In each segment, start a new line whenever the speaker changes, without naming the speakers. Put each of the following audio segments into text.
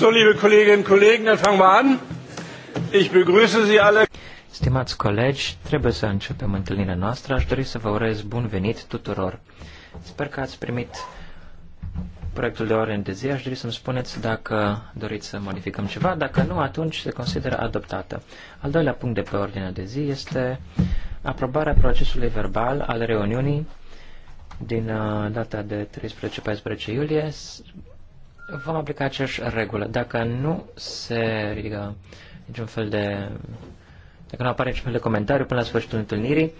So, liebe Kolleginnen und Kollegen, dann fangen wir an. Ich begrüße Sie alle.
Stimați colegi, trebuie să începem întâlnirea noastră. Aș dori să vă urez bun venit tuturor. Sper că ați primit proiectul de ordine de zi. Aș dori să-mi spuneți dacă doriți să modificăm ceva. Dacă nu, atunci se consideră adoptată. Al doilea punct de pe ordinea de zi este aprobarea procesului verbal al reuniunii din uh, data de 13-14 iulie vom aplica aceeași regulă. Dacă nu se ridică niciun fel de... Dacă nu apare niciun fel de comentariu până la sfârșitul întâlnirii,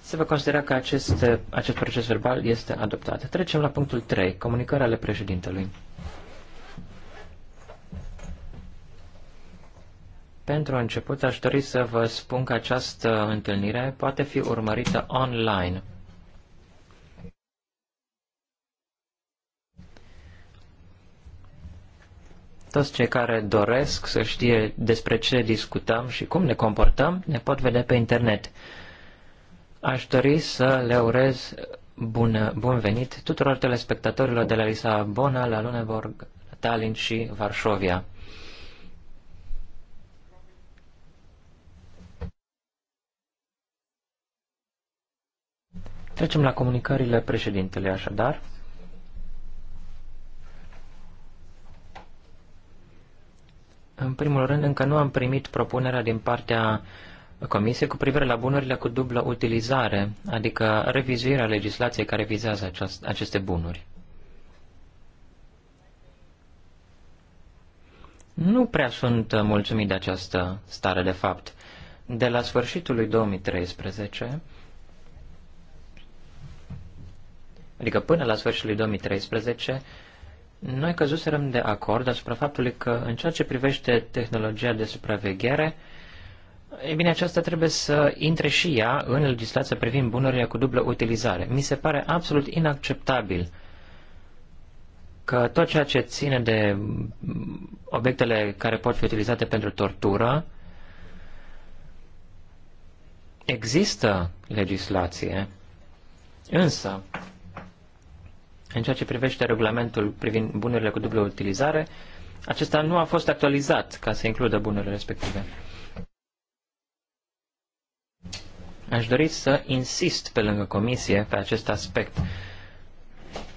se va considera că acest, acest proces verbal este adoptat. Trecem la punctul 3, comunicarea ale președintelui. Pentru început aș dori să vă spun că această întâlnire poate fi urmărită online. Toți cei care doresc să știe despre ce discutăm și cum ne comportăm, ne pot vedea pe internet. Aș dori să le urez bun, bun venit tuturor telespectatorilor de la Lisabona, la Luneborg, Tallinn și Varșovia. Trecem la comunicările președintelui, așadar. În primul rând, încă nu am primit propunerea din partea Comisiei cu privire la bunurile cu dublă utilizare, adică revizuirea legislației care vizează aceast- aceste bunuri. Nu prea sunt mulțumit de această stare de fapt. De la sfârșitul lui 2013, adică până la sfârșitul lui 2013, noi căzuserăm de acord asupra faptului că în ceea ce privește tehnologia de supraveghere, e bine, aceasta trebuie să intre și ea în legislația privind bunurile cu dublă utilizare. Mi se pare absolut inacceptabil că tot ceea ce ține de obiectele care pot fi utilizate pentru tortură, există legislație, însă în ceea ce privește regulamentul privind bunurile cu dublă utilizare, acesta nu a fost actualizat ca să includă bunurile respective. Aș dori să insist pe lângă comisie pe acest aspect.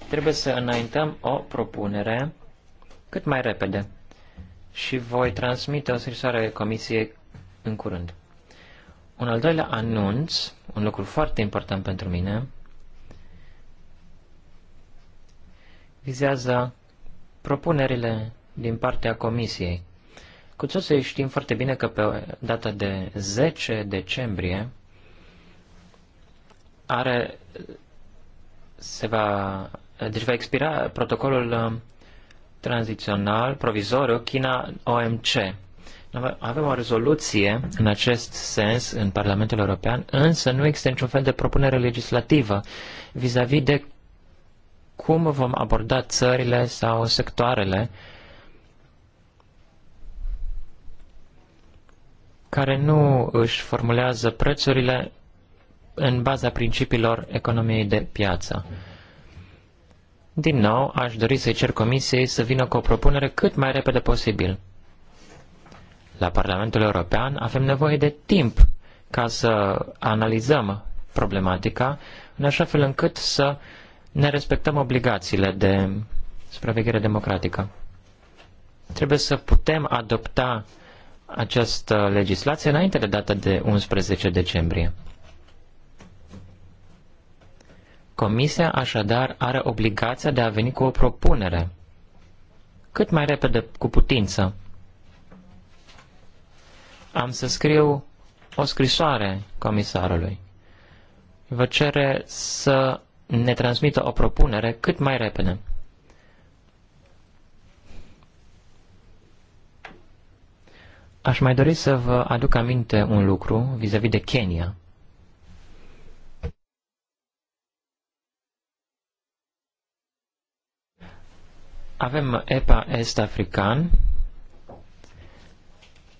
Trebuie să înaintăm o propunere cât mai repede și voi transmite o scrisoare comisiei în curând. Un al doilea anunț, un lucru foarte important pentru mine, vizează propunerile din partea Comisiei. Cu toții știm foarte bine că pe data de 10 decembrie are, se va, deci va expira protocolul uh, tranzițional provizoriu China-OMC. Avem o rezoluție în acest sens în Parlamentul European, însă nu există niciun fel de propunere legislativă vis-a-vis -vis de cum vom aborda țările sau sectoarele care nu își formulează prețurile în baza principiilor economiei de piață. Din nou, aș dori să-i cer Comisiei să vină cu o propunere cât mai repede posibil. La Parlamentul European avem nevoie de timp ca să analizăm problematica, în așa fel încât să uh, ne respectăm obligațiile de supraveghere democratică. Trebuie să putem adopta această legislație înainte de data de 11 decembrie. Comisia așadar are obligația de a veni cu o propunere, cât mai repede cu putință. Am să scriu o scrisoare comisarului. Vă cere să ne transmită o propunere cât mai repede. Aș mai dori să vă aduc aminte un lucru vis-a-vis -vis de Kenya. Avem EPA Est-African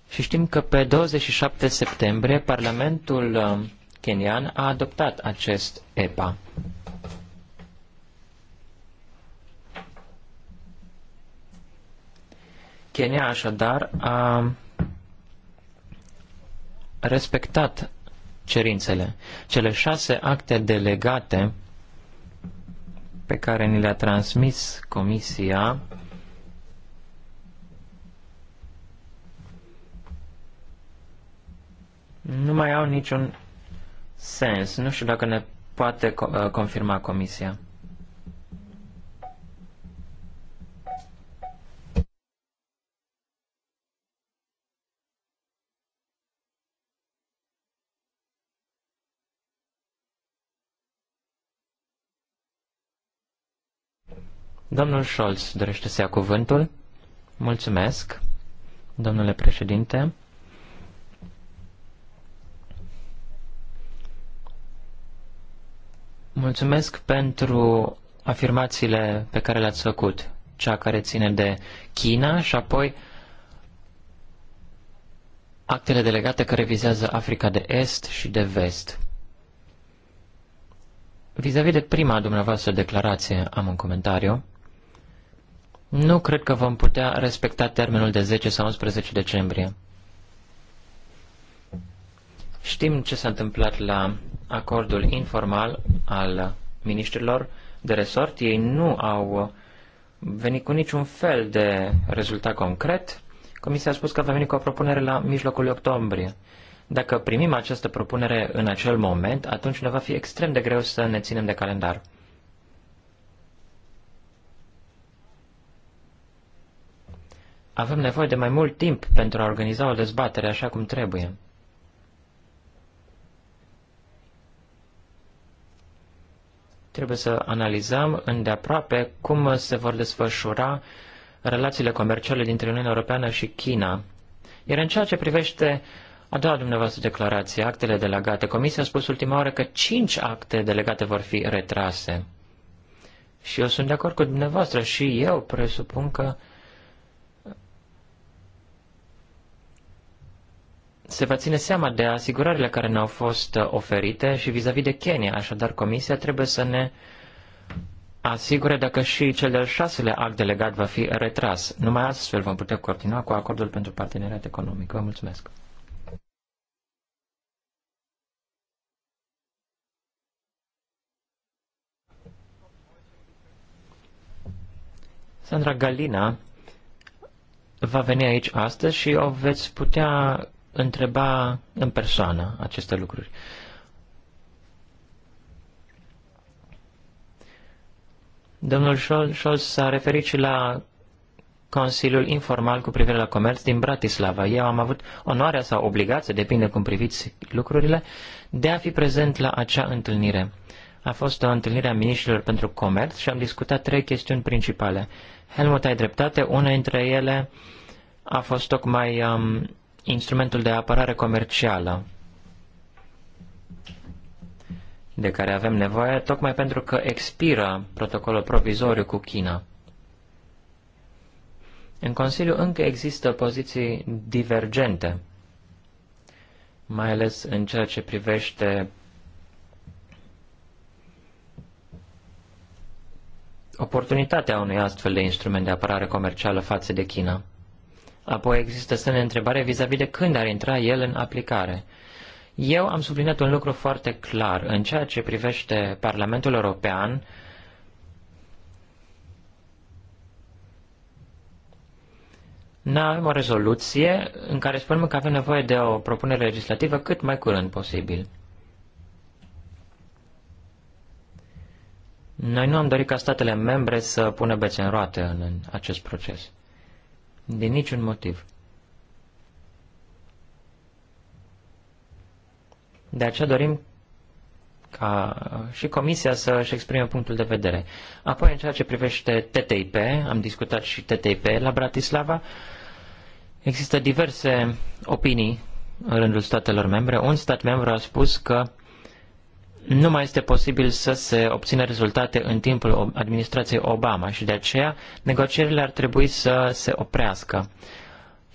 și știm că pe 27 septembrie Parlamentul uh, kenian a adoptat acest EPA. Kenya așadar a respectat cerințele. Cele șase acte delegate pe care ni le-a transmis Comisia nu mai au niciun sens. Nu știu dacă ne poate uh, confirma Comisia. Domnul Scholz dorește să ia cuvântul. Mulțumesc, domnule președinte. Mulțumesc pentru afirmațiile pe care le-ați făcut, cea care ține de China și apoi actele delegate care vizează Africa de Est și de Vest. Vis-a-vis -vis de prima dumneavoastră declarație, am un comentariu. Nu cred că vom putea respecta termenul de 10 sau 11 decembrie. Știm ce s-a întâmplat la acordul informal al ministrilor de resort. Ei nu au venit cu niciun fel de rezultat concret. Comisia a spus că va veni cu o propunere la mijlocul octombrie. Dacă primim această propunere în acel moment, atunci ne va fi extrem de greu să ne ținem de calendar. Avem nevoie de mai mult timp pentru a organiza o dezbatere așa cum trebuie. Trebuie să analizăm îndeaproape cum se vor desfășura relațiile comerciale dintre Uniunea Europeană și China. Iar în ceea ce privește a doua dumneavoastră declarație, actele delegate, Comisia a spus ultima oară că cinci acte delegate vor fi retrase. Și eu sunt de acord cu dumneavoastră și eu presupun că se va ține seama de asigurările care ne-au fost uh, oferite și vis-a-vis -vis de Kenya. Așadar, Comisia trebuie să ne asigure dacă și cel de-al șaselea act delegat va fi retras. Numai astfel vom putea coordina cu acordul pentru parteneriat economic. Vă mulțumesc! Sandra Galina va veni aici astăzi și o veți putea întreba în persoană aceste lucruri. Domnul Scholz s-a referit și la Consiliul Informal cu privire la comerț din Bratislava. Eu am avut onoarea sau obligația, depinde cum priviți lucrurile, de a fi prezent la acea întâlnire. A fost o întâlnire a miniștrilor pentru comerț și am discutat trei chestiuni principale. Helmut, ai dreptate, una dintre ele a fost tocmai um, instrumentul de apărare comercială de care avem nevoie, tocmai pentru că expiră protocolul provizoriu cu China. În Consiliu încă există poziții divergente, mai ales în ceea ce privește oportunitatea unui astfel de instrument de apărare comercială față de China. Apoi există semne de întrebare vis-a-vis -vis de când ar intra el în aplicare. Eu am subliniat un lucru foarte clar. În ceea ce privește Parlamentul European, Noi avem o rezoluție în care spunem că avem nevoie de o propunere legislativă cât mai curând posibil. Noi nu am dorit ca statele membre să pună bețe în roate în acest proces. Din niciun motiv. De aceea dorim ca și Comisia să-și exprime punctul de vedere. Apoi, în ceea ce privește TTIP, am discutat și TTIP la Bratislava, există diverse opinii în rândul statelor membre. Un stat membru a spus că nu mai este posibil să se obțină rezultate în timpul administrației Obama și de aceea negocierile ar trebui să se oprească.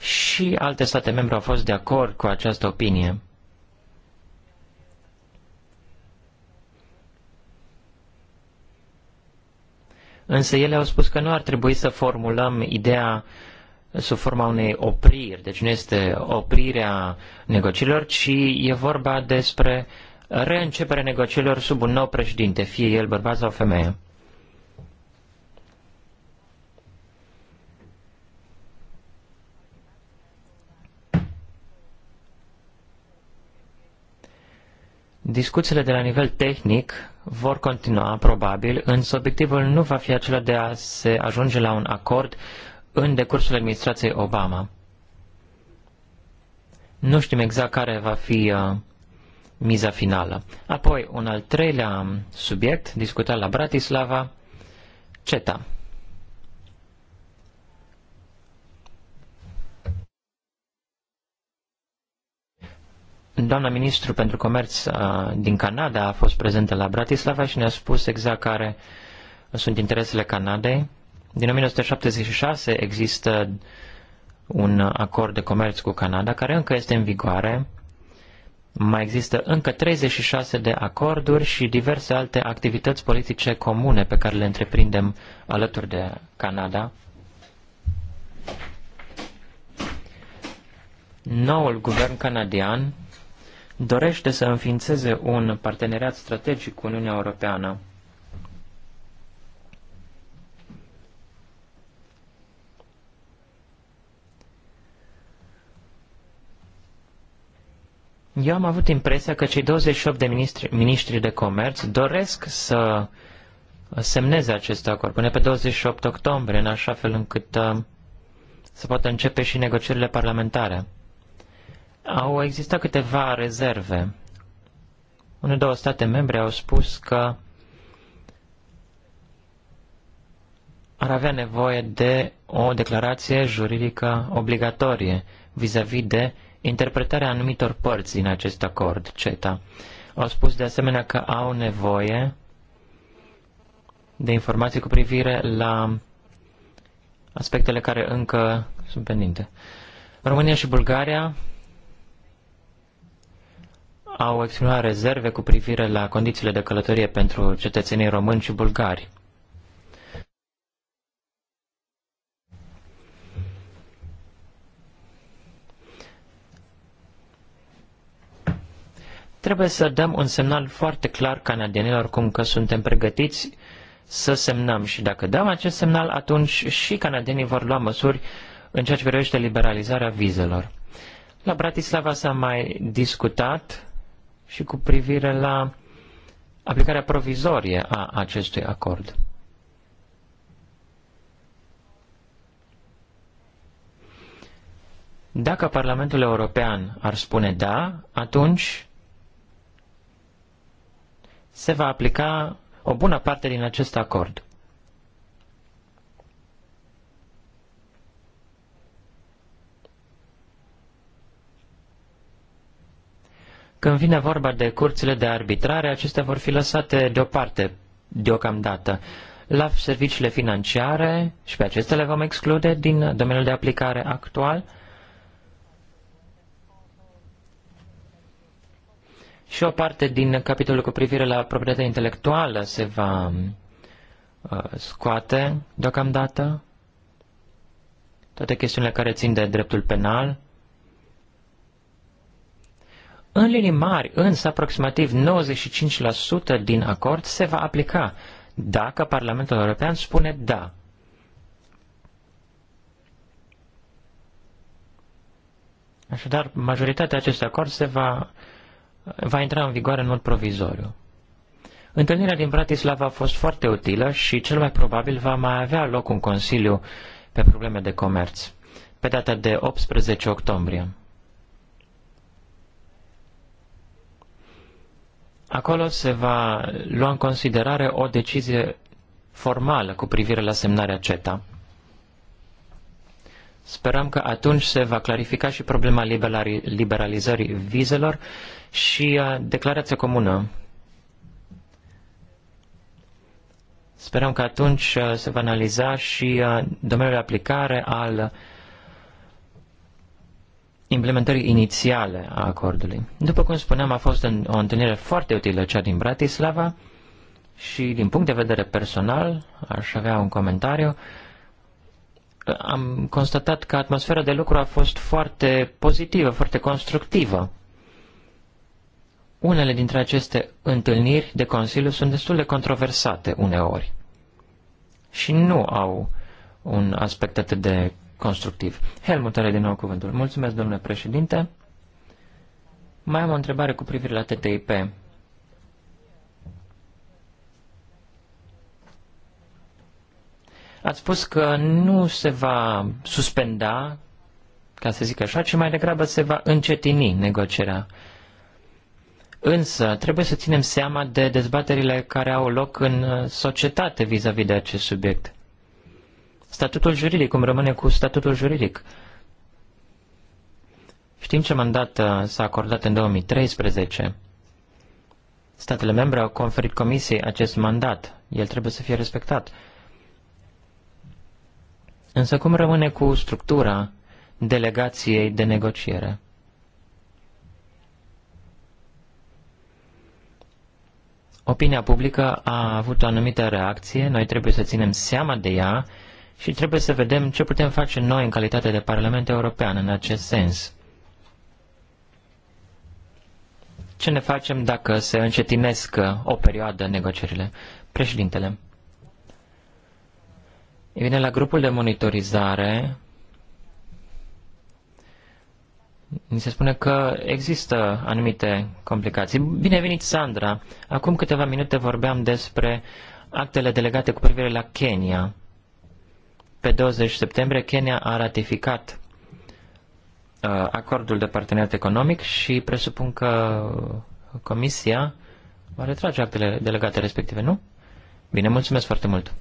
Și alte state membre au fost de acord cu această opinie. Însă ele au spus că nu ar trebui să formulăm ideea sub forma unei opriri, deci nu este oprirea negocierilor, ci e vorba despre uh, reîncepere negocierilor sub un nou președinte, fie el bărbat sau femeie. Discuțiile de la nivel tehnic vor continua, probabil, însă obiectivul nu va fi acela de a se ajunge la un acord în decursul administrației Obama. Nu știm exact care va fi uh, miza finală. Apoi, un al treilea subiect discutat la Bratislava, CETA. Doamna ministru pentru comerț uh, din Canada a fost prezentă la Bratislava și ne-a spus exact care sunt interesele Canadei. Din 1976 există un acord de comerț cu Canada care încă este în vigoare mai există încă 36 de acorduri și diverse alte activități politice comune pe care le întreprindem alături de Canada. Noul guvern canadian dorește să înființeze un parteneriat strategic cu Uniunea Europeană. Eu am avut impresia că cei 28 de ministri, ministri de comerț doresc să semneze acest acord până pe 28 octombrie, în așa fel încât uh, să poată începe și negocierile parlamentare. Au existat câteva rezerve. Unul, două state membre au spus că ar avea nevoie de o declarație juridică obligatorie vis-a-vis -vis de interpretarea anumitor părți din acest acord, CETA. Au spus de asemenea că au nevoie de informații cu privire la aspectele care încă sunt pendinte. România și Bulgaria au exprimat rezerve cu privire la condițiile de călătorie pentru cetățenii români și bulgari. Trebuie să dăm un semnal foarte clar canadienilor cum că suntem pregătiți să semnăm și dacă dăm acest semnal, atunci și canadienii vor lua măsuri în ceea ce privește liberalizarea vizelor. La Bratislava s-a mai discutat și cu privire la aplicarea provizorie a acestui acord. Dacă Parlamentul European ar spune da, atunci se va aplica o bună parte din acest acord. Când vine vorba de curțile de arbitrare, acestea vor fi lăsate deoparte deocamdată. La serviciile financiare și pe acestea le vom exclude din domeniul de aplicare actual – Și o parte din capitolul cu privire la proprietatea intelectuală se va uh, scoate deocamdată. Toate chestiunile care țin de dreptul penal. În linii mari, însă aproximativ 95% din acord se va aplica dacă Parlamentul European spune da. Așadar, majoritatea acestui acord se va va intra în vigoare în mod provizoriu. Întâlnirea din Bratislava a fost foarte utilă și cel mai probabil va mai avea loc un consiliu pe probleme de comerț, pe data de 18 octombrie. Acolo se va lua în considerare o decizie formală cu privire la semnarea CETA. Sperăm că atunci se va clarifica și problema liberalizării vizelor și uh, declarația comună. Sperăm că atunci uh, se va analiza și uh, domeniul de aplicare al implementării inițiale a acordului. După cum spuneam, a fost o întâlnire foarte utilă cea din Bratislava și din punct de vedere personal, aș avea un comentariu, am constatat că atmosfera de lucru a fost foarte pozitivă, foarte constructivă. Unele dintre aceste întâlniri de Consiliu sunt destul de controversate uneori și nu au un aspect atât de constructiv. Helmut are din nou cuvântul. Mulțumesc, domnule președinte. Mai am o întrebare cu privire la TTIP. Ați spus că nu se va suspenda, ca să zic așa, ci mai degrabă se va încetini negocierea Însă, trebuie să ținem seama de dezbaterile care au loc în uh, societate vis-a-vis -vis de acest subiect. Statutul juridic, cum rămâne cu statutul juridic? Știm ce mandat uh, s-a acordat în 2013. Statele membre au conferit comisiei acest mandat. El trebuie să fie respectat. Însă cum rămâne cu structura delegației de negociere? Opinia publică a avut o anumită reacție, noi trebuie să ținem seama de ea și trebuie să vedem ce putem face noi în calitate de Parlament European în acest sens. Ce ne facem dacă se încetinesc uh, o perioadă negocierile? Președintele. Vine la grupul de monitorizare mi se spune că există anumite complicații. Bine venit, Sandra! Acum câteva minute vorbeam despre actele delegate cu privire la Kenya. Pe 20 septembrie, Kenya a ratificat uh, acordul de parteneriat economic și presupun că Comisia va retrage actele delegate respective, nu? Bine, mulțumesc foarte mult!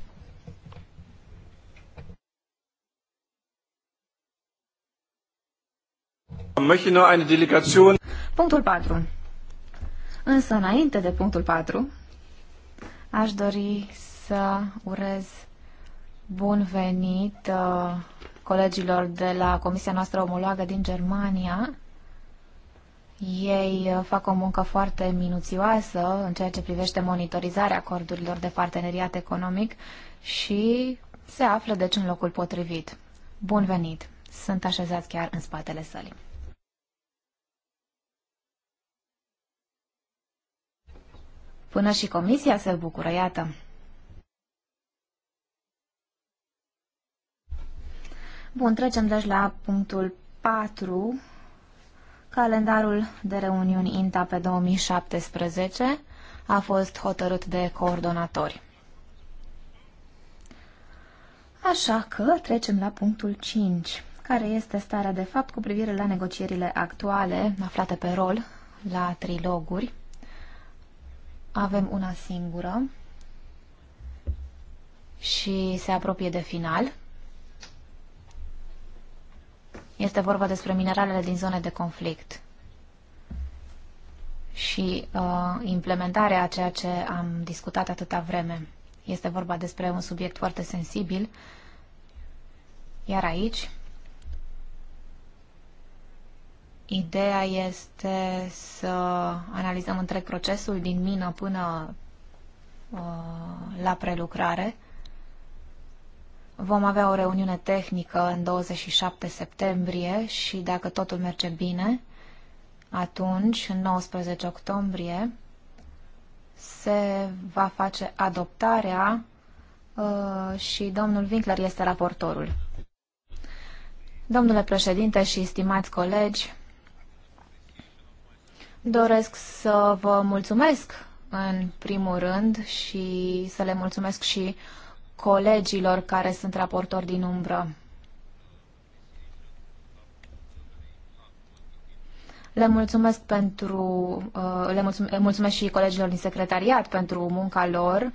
Punctul 4. Însă, înainte de punctul 4, aș dori să urez bun venit uh, colegilor de la comisia noastră omologă din Germania. Ei uh, fac o muncă foarte minuțioasă în ceea ce privește monitorizarea acordurilor de parteneriat economic și se află deci în locul potrivit. Bun venit! Sunt așezați chiar în spatele sălii. Până și comisia se bucură, iată. Bun, trecem deci la punctul 4, calendarul de reuniuni INTA pe 2017 a fost hotărât de coordonatori. Așa că trecem la punctul 5, care este starea de fapt cu privire la negocierile actuale aflate pe rol la triloguri avem una singură și se apropie de final. Este vorba despre mineralele din zone de conflict și uh, implementarea a ceea ce am discutat atâta vreme. Este vorba despre un subiect foarte sensibil, iar aici Ideea este să analizăm întreg procesul din mină până uh, la prelucrare. Vom avea o reuniune tehnică în 27 septembrie și dacă totul merge bine, atunci, în 19 octombrie, se va face adoptarea uh, și domnul Winkler este raportorul. Domnule președinte și stimați colegi, Doresc să vă mulțumesc în primul rând și să le mulțumesc și colegilor care sunt raportori din umbră. Le mulțumesc pentru, uh, le mulțumesc, mulțumesc și colegilor din secretariat pentru munca lor,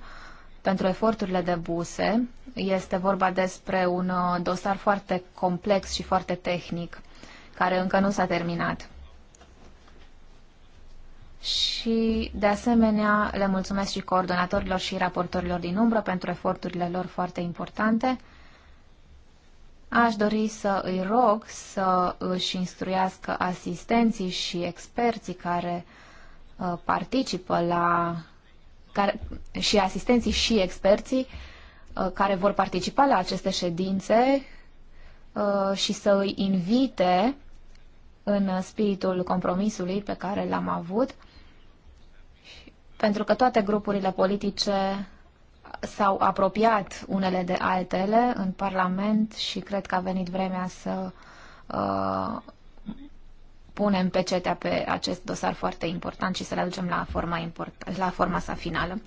pentru eforturile de buse. Este vorba despre un uh, dosar foarte complex și foarte tehnic, care încă nu s-a terminat și, de asemenea, le mulțumesc și coordonatorilor și raportorilor din umbră pentru eforturile lor foarte importante. Aș dori să îi rog să își instruiască asistenții și experții care uh, participă la care, și asistenții și experții uh, care vor participa la aceste ședințe uh, și să îi invite în spiritul compromisului pe care l-am avut pentru că toate grupurile politice s-au apropiat unele de altele în Parlament și cred că a venit vremea să uh, punem pecetea pe acest dosar foarte important și să le aducem la forma, import- la forma sa finală.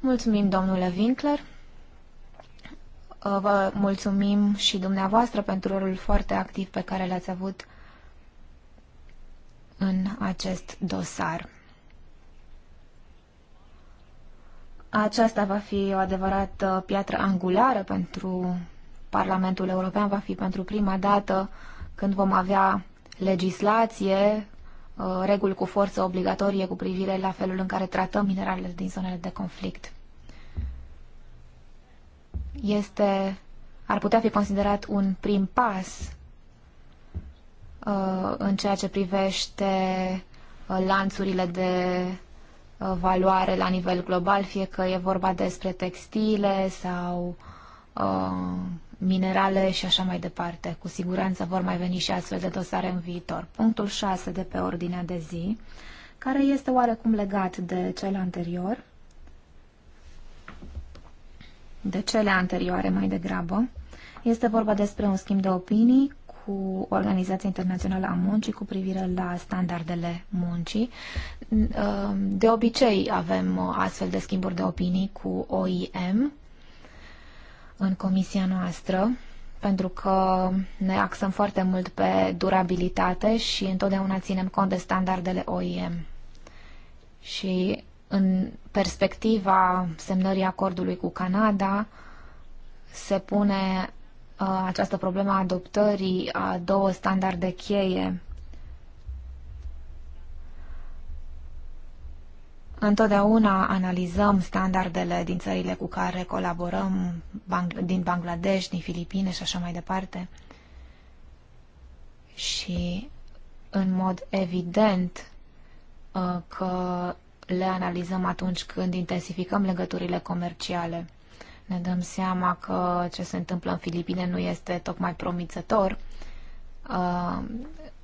Mulțumim, domnule Winkler. Uh, vă mulțumim și dumneavoastră pentru rolul foarte activ pe care l-ați avut în acest dosar. Aceasta va fi o adevărată piatră angulară pentru Parlamentul European, va fi pentru prima dată când vom avea legislație, uh, reguli cu forță obligatorie cu privire la felul în care tratăm mineralele din zonele de conflict. Este, ar putea fi considerat un prim pas uh, în ceea ce privește uh, lanțurile de Uh, valoare la nivel global, fie că e vorba despre textile sau uh, minerale și așa mai departe. Cu siguranță vor mai veni și astfel de dosare în viitor. Punctul 6 de pe ordinea de zi, care este oarecum legat de cel anterior, de cele anterioare mai degrabă, este vorba despre un schimb de opinii cu Organizația Internațională a Muncii cu privire la standardele muncii. Uh, de obicei avem uh, astfel de schimburi de opinii cu OIM în comisia noastră, pentru că ne axăm foarte mult pe durabilitate și întotdeauna ținem cont de standardele OIM. Și în perspectiva semnării acordului cu Canada, se pune această problemă a adoptării a două standarde cheie. Întotdeauna analizăm standardele din țările cu care colaborăm, din Bangladesh, din Filipine și așa mai departe. Și, în mod evident, că le analizăm atunci când intensificăm legăturile comerciale ne dăm seama că ce se întâmplă în Filipine nu este tocmai promițător. Uh,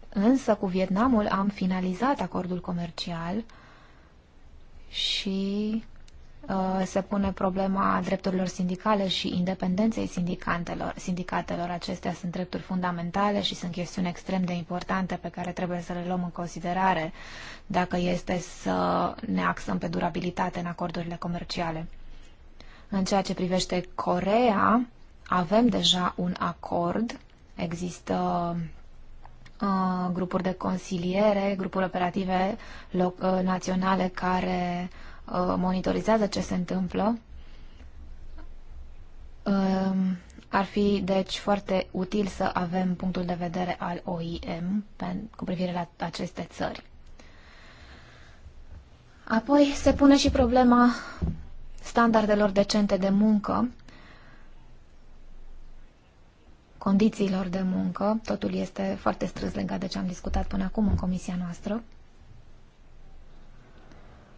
însă cu Vietnamul am finalizat acordul comercial și uh, se pune problema drepturilor sindicale și independenței sindicatelor. Sindicatelor acestea sunt drepturi fundamentale și sunt chestiuni extrem de importante pe care trebuie să le luăm în considerare dacă este să ne axăm pe durabilitate în acordurile comerciale. În ceea ce privește Corea, avem deja un acord, există uh, grupuri de consiliere, grupuri operative loc, uh, naționale care uh, monitorizează ce se întâmplă. Um, ar fi, deci, foarte util să avem punctul de vedere al OIM pe, cu privire la aceste țări. Apoi se pune și problema standardelor decente de muncă, condițiilor de muncă. Totul este foarte strâns legat de ce am discutat până acum în comisia noastră.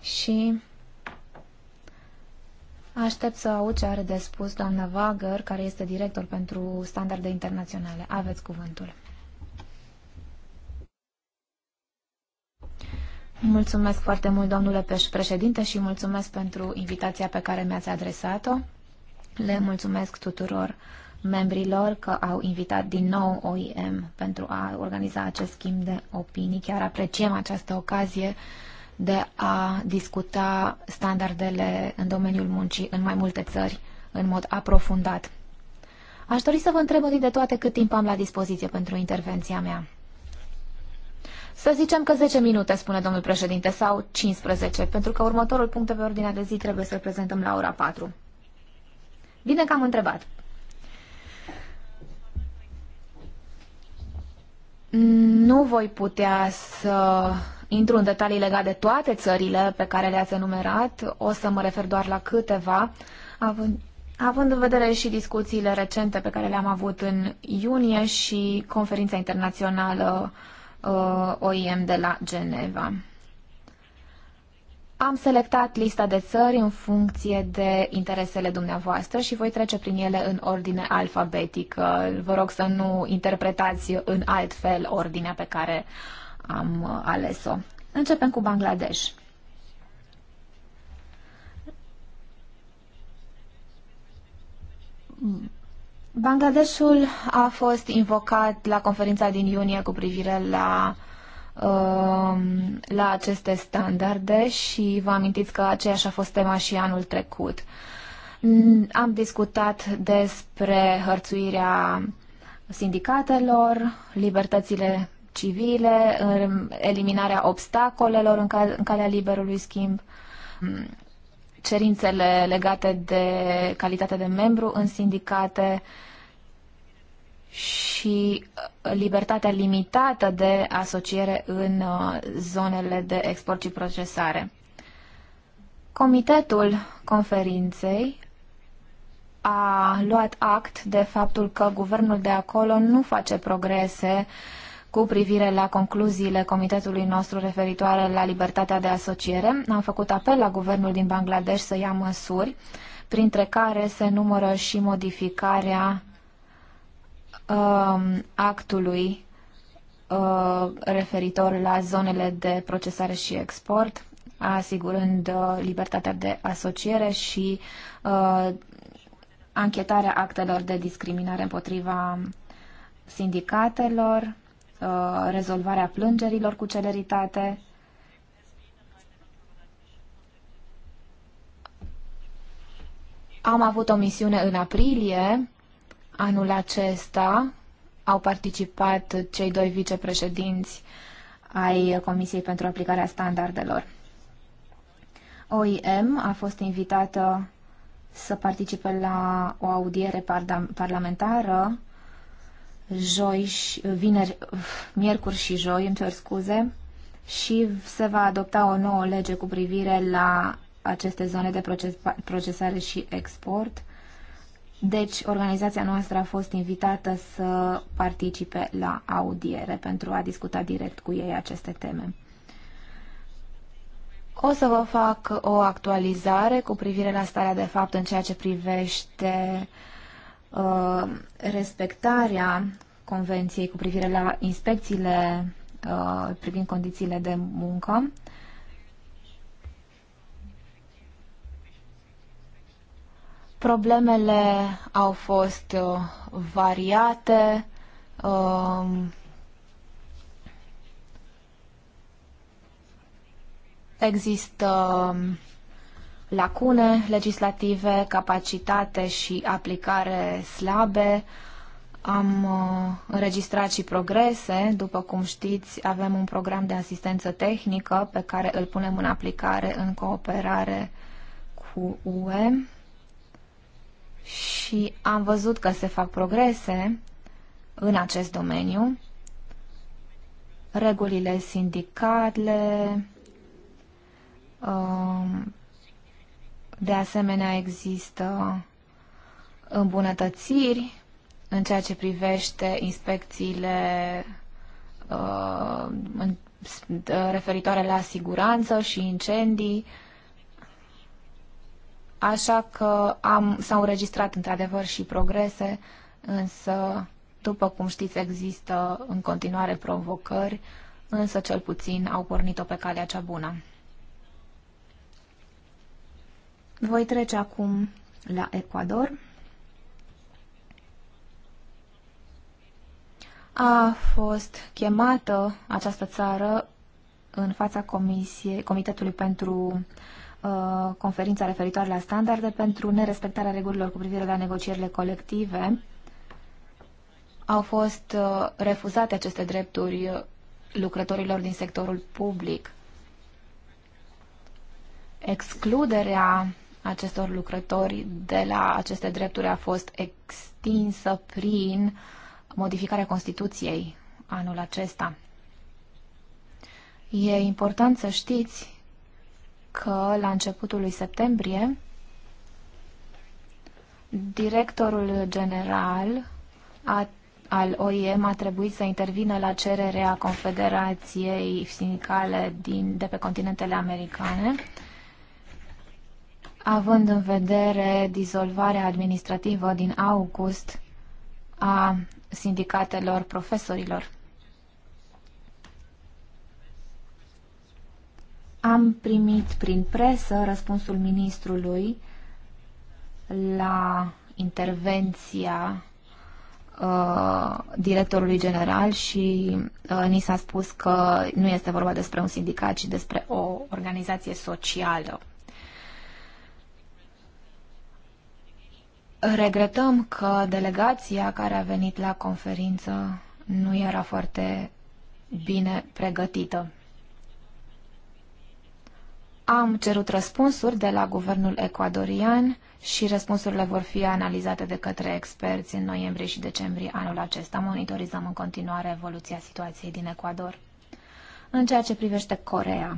Și aștept să aud ce are de spus doamna Wagner, care este director pentru standarde internaționale. Aveți cuvântul. Mulțumesc foarte mult, domnule președinte, și mulțumesc pentru invitația pe care mi-ați adresat-o. Le mulțumesc tuturor membrilor că au invitat din nou OIM pentru a organiza acest schimb de opinii. Chiar apreciem această ocazie de a discuta standardele în domeniul muncii în mai multe țări în mod aprofundat. Aș dori să vă întreb din de toate cât timp am la dispoziție pentru intervenția mea. Să zicem că 10 minute, spune domnul președinte, sau 15, pentru că următorul punct de pe ordinea de zi trebuie să-l prezentăm la ora 4. Bine că am întrebat. Nu voi putea să intru în detalii legate de toate țările pe care le-ați enumerat, o să mă refer doar la câteva, având, având în vedere și discuțiile recente pe care le-am avut în iunie și conferința internațională uh, Uh, OIM de la Geneva. Am selectat lista de țări în funcție de interesele dumneavoastră și voi trece prin ele în ordine alfabetică. Vă rog să nu interpretați în alt fel ordinea pe care am uh, ales-o. Începem cu Bangladesh. Bangladeshul a fost invocat la conferința din iunie cu privire la um, la aceste standarde și vă amintiți că aceeași a fost tema și anul trecut. Am discutat despre hărțuirea sindicatelor, libertățile civile, um, eliminarea obstacolelor în, în calea liberului schimb, cerințele legate de calitate de membru în sindicate și uh, libertatea limitată de asociere în uh, zonele de export și procesare. Comitetul conferinței a luat act de faptul că guvernul de acolo nu face progrese uh, cu privire la concluziile comitetului nostru referitoare la libertatea de asociere. Am făcut apel la guvernul din Bangladesh să ia măsuri, printre care se numără și modificarea uh, actului uh, referitor la zonele de procesare și export, asigurând uh, libertatea de asociere și uh, anchetarea actelor de discriminare împotriva sindicatelor Uh, rezolvarea plângerilor cu celeritate. Am avut o misiune în aprilie anul acesta. Au participat cei doi vicepreședinți ai Comisiei pentru aplicarea standardelor. OIM a fost invitată să participe la o audiere parlamentară joi și vineri, miercuri și joi, îmi cer scuze, și se va adopta o nouă lege cu privire la aceste zone de proces, procesare și export. Deci, organizația noastră a fost invitată să participe la audiere pentru a discuta direct cu ei aceste teme. O să vă fac o actualizare cu privire la starea de fapt în ceea ce privește uh, Uh, respectarea Convenției cu privire la inspecțiile uh, privind condițiile de muncă. Problemele au fost uh, variate. Uh, există uh, lacune legislative, capacitate și aplicare slabe. Am uh, înregistrat și progrese. După cum știți, avem un program de asistență tehnică pe care îl punem în aplicare în cooperare cu UE și am văzut că se fac progrese în acest domeniu. Regulile sindicale, uh, de asemenea, există îmbunătățiri în ceea ce privește inspecțiile uh, uh, referitoare la siguranță și incendii. Așa că am, s-au înregistrat într-adevăr și progrese, însă, după cum știți, există în continuare provocări, însă cel puțin au pornit-o pe calea cea bună. Voi trece acum la Ecuador. A fost chemată această țară în fața comisie, Comitetului pentru uh, conferința referitoare la standarde pentru nerespectarea regulilor cu privire la negocierile colective. Au fost uh, refuzate aceste drepturi lucrătorilor din sectorul public. Excluderea acestor lucrători de la aceste drepturi a fost extinsă prin modificarea Constituției anul acesta. E important să știți că la începutul lui septembrie directorul general a, al OIM a trebuit să intervină la cererea Confederației Sindicale din, de pe continentele americane având în vedere dizolvarea administrativă din august a sindicatelor profesorilor. Am primit prin presă răspunsul ministrului la intervenția uh, directorului general și uh, ni s-a spus că nu este vorba despre un sindicat, ci despre o organizație socială Regretăm că delegația care a venit la conferință nu era foarte bine pregătită. Am cerut răspunsuri de la guvernul ecuadorian și răspunsurile vor fi analizate de către experți în noiembrie și decembrie anul acesta. Monitorizăm în continuare evoluția situației din Ecuador. În ceea ce privește Corea,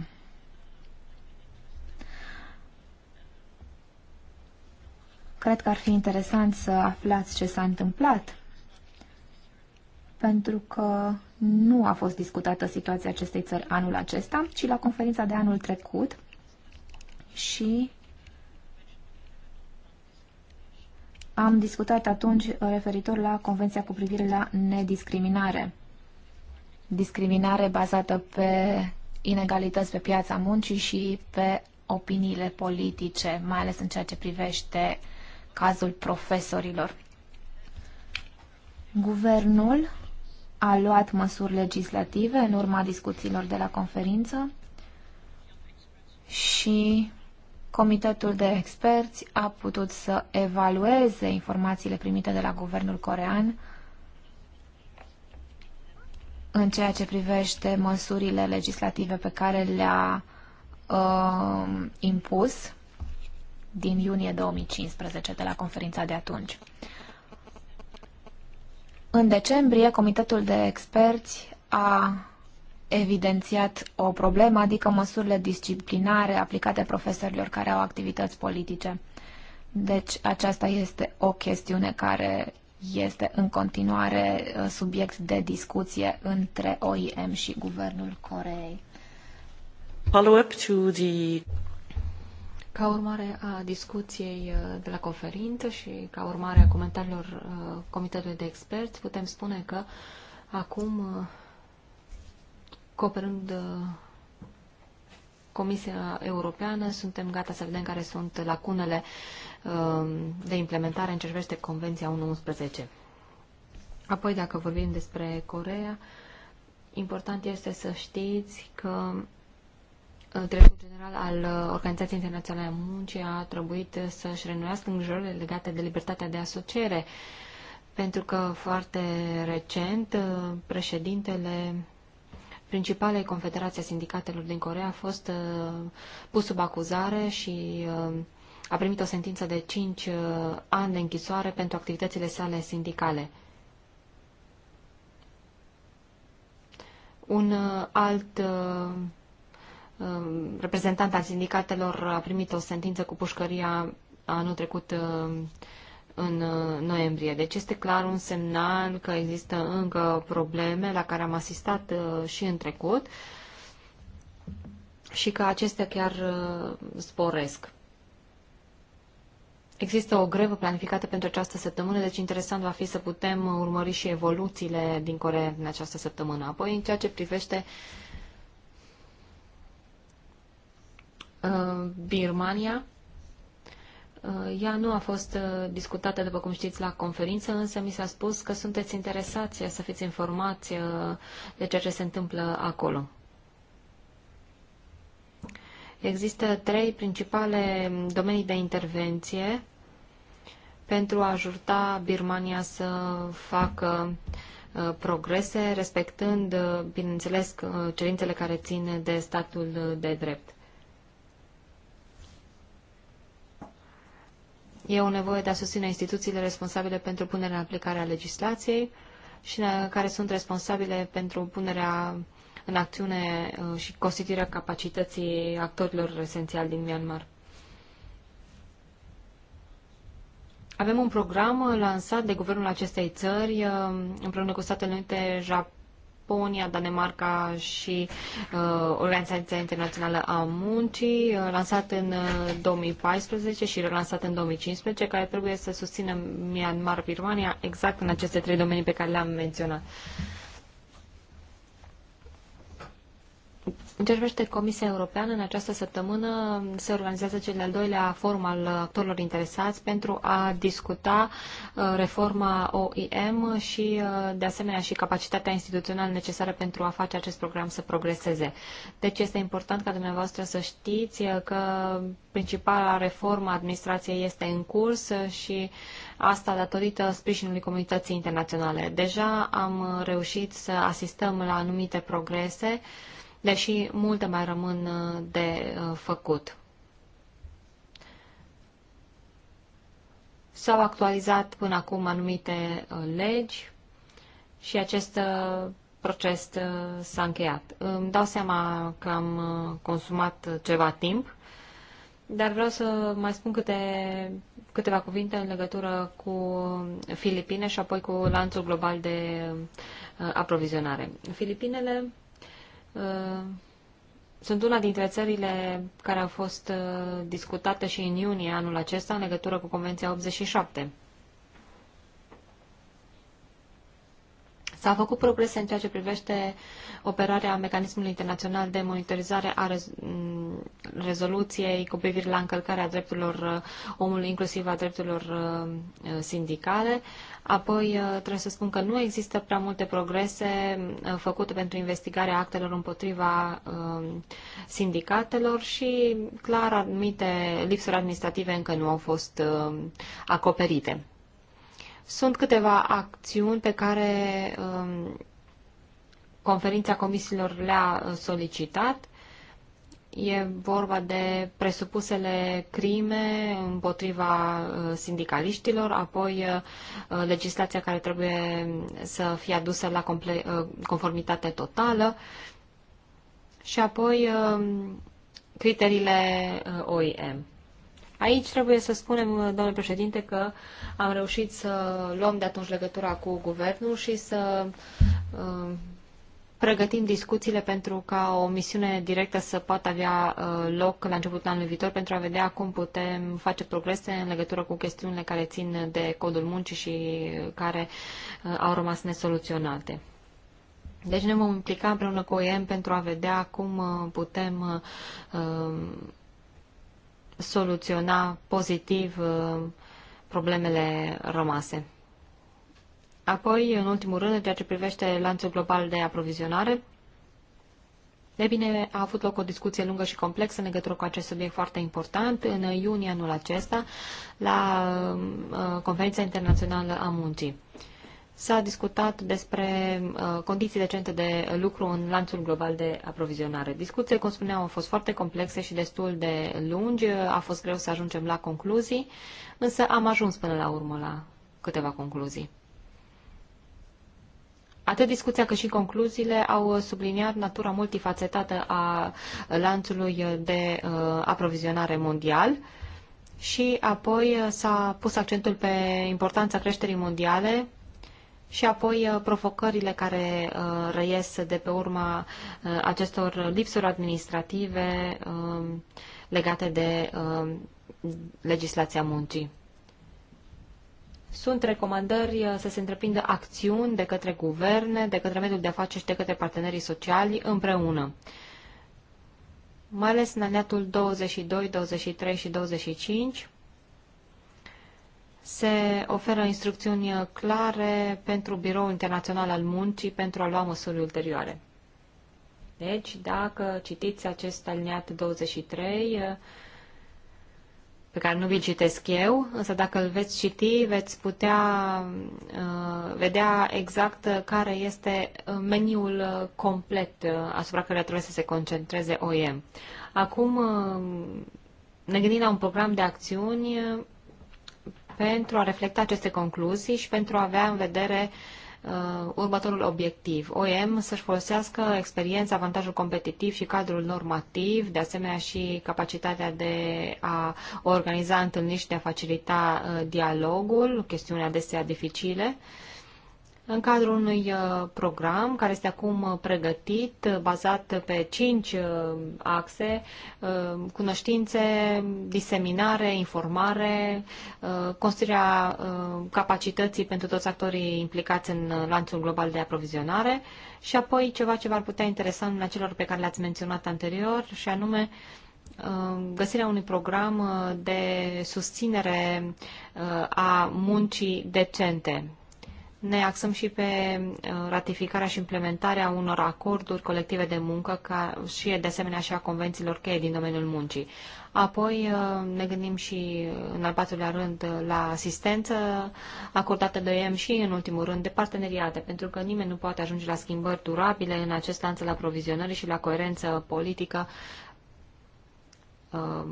Cred că ar fi interesant să aflați ce s-a întâmplat, pentru că nu a fost discutată situația acestei țări anul acesta, ci la conferința de anul trecut și am discutat atunci referitor la Convenția cu privire la nediscriminare. Discriminare bazată pe inegalități pe piața muncii și pe opiniile politice, mai ales în ceea ce privește uh, cazul profesorilor. Guvernul a luat măsuri legislative în urma discuțiilor de la conferință și Comitetul de experți a putut să evalueze informațiile primite de la guvernul corean în ceea ce privește măsurile legislative pe care le-a uh, impus din iunie 2015, de la conferința de atunci. În decembrie, Comitetul de Experți a evidențiat o problemă, adică măsurile disciplinare aplicate profesorilor care au activități politice. Deci aceasta este o chestiune care este în continuare uh, subiect de discuție între
OIM și Guvernul Coreei. Follow-up to the... Ca urmare a discuției uh, de la conferință și ca urmare a comentariilor uh, Comitetului de Experți, putem spune că acum, uh, cooperând Comisia Europeană, suntem gata să vedem care sunt lacunele de implementare în ce privește Convenția 111. Apoi, dacă vorbim despre Corea, important este să știți că Uh, directorul general al uh, Organizației Internaționale a Muncii a trebuit să-și renuiască îngrijorările legate de libertatea de asociere, pentru că foarte recent uh, președintele principalei confederații sindicatelor din Corea a fost pus sub acuzare și a primit o sentință de 5 ani de închisoare pentru activitățile sale sindicale. Un alt Um, reprezentant al sindicatelor a primit o sentință cu pușcăria anul trecut um, în uh, noiembrie. Deci este clar un semnal că există încă probleme la care am asistat uh, și în trecut și că acestea chiar uh, sporesc. Există o grevă planificată pentru această săptămână, deci interesant va fi să putem urmări și evoluțiile din Corea în această săptămână. Apoi, în ceea ce privește uh, Birmania. Uh, uh, ea nu a fost uh, discutată, după cum știți, la conferință, însă mi s-a spus că sunteți interesați să fiți informați de ceea ce se întâmplă acolo. Există trei principale domenii de intervenție pentru a ajuta Birmania să facă progrese, respectând, bineînțeles, cerințele care țin de statul de drept. E o nevoie de a susține instituțiile responsabile pentru punerea în aplicare a legislației și uh, care sunt responsabile pentru punerea în acțiune uh, și constituirea capacității actorilor esențiali din Myanmar. Avem un program uh, lansat de guvernul acestei țări împreună cu Statele Unite, Jap Japonia, Danemarca și uh, Organizația Internațională a Muncii, uh, lansat în 2014 uh, și relansat în 2015, care trebuie să susțină Myanmar, Birmania, exact în aceste trei domenii pe care le-am menționat. Uh, În ce privește Comisia Europeană, în această săptămână se organizează cel de-al doilea forum al actorilor interesați pentru a discuta uh, reforma OIM și, uh, de asemenea, și capacitatea instituțională necesară pentru a face acest program să progreseze. Deci este important ca dumneavoastră să știți uh, că principala reformă a administrației este în curs și asta datorită sprijinului comunității internaționale. Deja am reușit să asistăm la anumite progrese, deși multe mai rămân uh, de uh, făcut. S-au actualizat până acum anumite uh, legi și acest proces s-a încheiat. Îmi dau seama că am consumat ceva timp, dar vreau să mai spun câte, câteva cuvinte în legătură cu Filipine și apoi cu lanțul global de aprovizionare. Filipinele Uh, sunt una dintre țările care au fost uh, discutate și în iunie anul acesta în legătură cu Convenția 87. S-au făcut progrese în ceea ce privește operarea mecanismului internațional de monitorizare a mm, rezoluției cu privire la încălcarea drepturilor uh, omului, inclusiv a drepturilor uh, uh, sindicale. Apoi trebuie să spun că nu există prea multe progrese făcute pentru investigarea actelor împotriva sindicatelor și clar anumite lipsuri administrative încă nu au fost acoperite. Sunt câteva acțiuni pe care um, conferința comisiilor le-a uh, solicitat. E vorba de presupusele crime împotriva uh, sindicaliștilor, apoi uh, legislația care trebuie să fie adusă la conformitate totală și apoi um, criteriile OIM. Aici trebuie să spunem, domnule președinte, că am reușit să luăm de atunci legătura cu guvernul și să uh, pregătim discuțiile pentru ca o misiune directă să poată avea uh, loc la începutul anului viitor pentru a vedea cum putem face progrese în legătură cu chestiunile care țin de codul muncii și care uh, au rămas nesoluționate. Deci ne vom implica împreună cu OEM pentru a vedea cum putem soluționa pozitiv uh, problemele rămase. Apoi, în ultimul rând, în ceea ce privește lanțul global de aprovizionare, de bine, a avut loc o discuție lungă și complexă în legătură cu acest subiect foarte important în iunie anul acesta la uh, Conferința Internațională a Muncii. S-a discutat despre uh, condiții decente de lucru în lanțul global de aprovizionare. Discuțiile, cum spuneam, au fost foarte complexe și destul de lungi, a fost greu să ajungem la concluzii, însă am ajuns până la urmă la câteva concluzii. Atât discuția cât și concluziile au subliniat natura multifacetată a lanțului de uh, aprovizionare mondial și apoi s-a pus accentul pe importanța creșterii mondiale și apoi uh, provocările care uh, răies de pe urma uh, acestor lipsuri administrative um, legate de um, legislația muncii. Sunt recomandări să se întreprindă acțiuni de către guverne, de către mediul de afaceri și de către partenerii sociali împreună. Mai ales în aliatul 22, 23 și 25, se oferă instrucțiuni uh, clare pentru Biroul Internațional al Muncii pentru a lua măsuri ulterioare. Deci, dacă citiți acest aliniat 23, uh, pe care nu vi-l citesc eu, însă dacă îl veți citi, veți putea uh, vedea exact care este uh, meniul complet uh, asupra care trebuie să se concentreze OEM. Acum uh, ne gândim la un program de acțiuni pentru a reflecta aceste concluzii și pentru a avea în vedere uh, următorul obiectiv. OEM să-și folosească experiența, avantajul competitiv și cadrul normativ, de asemenea și capacitatea de a organiza întâlniri și de a facilita uh, dialogul, chestiunea adesea dificile, uh, în cadrul unui uh, program care este acum uh, pregătit, uh, bazat pe cinci axe, cunoștințe, diseminare, informare, construirea capacității pentru toți actorii implicați în lanțul global de aprovizionare și apoi ceva ce v-ar putea interesa în celor pe care le-ați menționat anterior și anume găsirea unui program de susținere a muncii decente ne axăm și pe uh, ratificarea și implementarea unor acorduri colective de muncă ca și de asemenea și a convențiilor cheie din domeniul muncii. Apoi uh, ne gândim și uh, în al patrulea rând la asistență acordată de OEM și în ultimul rând de parteneriate, pentru că nimeni nu poate ajunge la schimbări durabile în acest lanț la provizionări și la coerență politică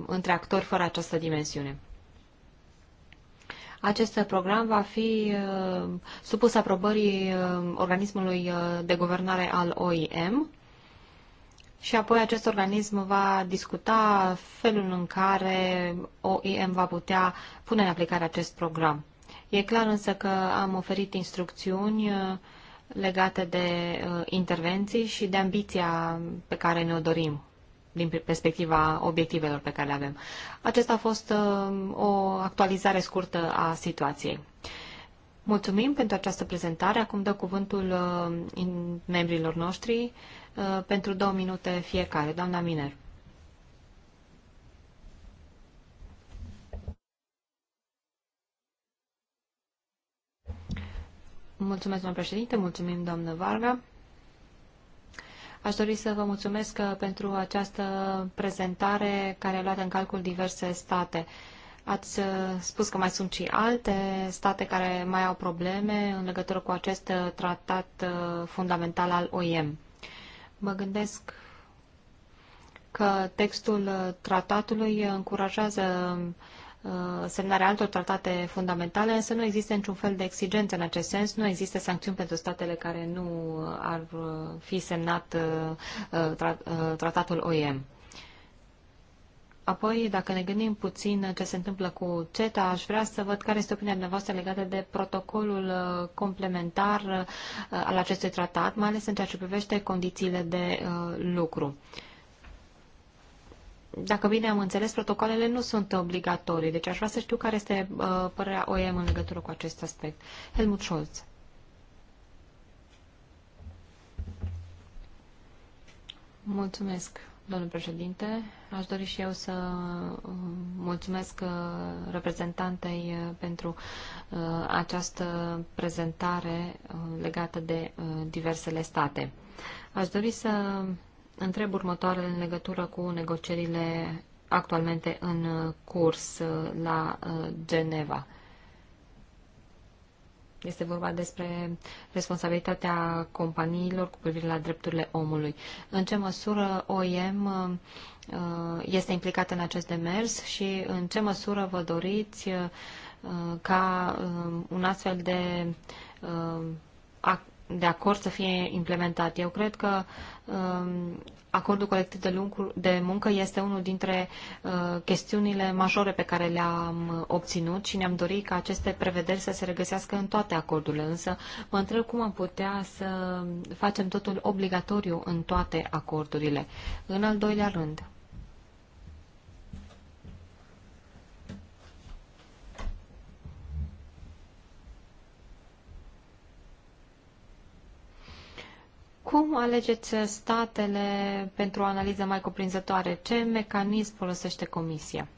între actori fără această dimensiune. Acest program va fi uh, supus aprobării uh, organismului uh, de guvernare al OIM și apoi acest organism va discuta felul în care OIM va putea pune în aplicare acest program. E clar însă că am oferit instrucțiuni legate de intervenții și de ambiția pe care ne-o dorim din perspectiva obiectivelor pe care le avem. Acesta a fost uh, o actualizare scurtă a situației. Mulțumim pentru această prezentare. Acum dă cuvântul uh, membrilor noștri uh, pentru două minute fiecare. Doamna Miner. Mulțumesc, doamnă președinte, mulțumim, doamnă Varga. Aș dori să vă mulțumesc uh, pentru această prezentare care a luat în calcul diverse state. Ați uh, spus că mai sunt și alte state care mai au probleme în legătură cu acest uh, tratat fundamental al OIM. Mă gândesc că textul tratatului încurajează Uh, semnarea altor tratate fundamentale, însă nu există niciun fel de exigență în acest sens, nu există sancțiuni pentru statele care nu ar uh, fi semnat uh, tratatul OIM. Apoi, dacă ne gândim puțin ce se întâmplă cu CETA, aș vrea să văd care este opinia dumneavoastră legată de protocolul complementar al acestui tratat, mai ales în ceea ce privește condițiile de lucru. Dacă bine am înțeles, protocoalele nu sunt obligatorii, deci aș vrea să știu care este uh, părerea OEM în legătură cu acest aspect. Helmut Scholz. Mulțumesc, domnul președinte. Aș dori și eu să uh, mulțumesc uh, reprezentantei uh, pentru această prezentare legată de diversele state. Aș dori să întreb următoarele în legătură cu negocierile actualmente în curs la uh, Geneva. Este vorba despre responsabilitatea companiilor cu privire la drepturile omului. În ce măsură OIM uh, uh, este implicată în acest demers și în ce măsură vă doriți ca um, un astfel de de acord să fie implementat. Eu cred că um, acordul colectiv de, lucru, de muncă este unul dintre uh, chestiunile majore pe care le-am obținut și ne-am dorit ca aceste prevederi să se regăsească în toate acordurile. Însă mă întreb cum am putea să facem totul obligatoriu în toate acordurile. În al doilea rând, Cum alegeți statele pentru o analiză mai cuprinzătoare? Ce mecanism folosește Comisia?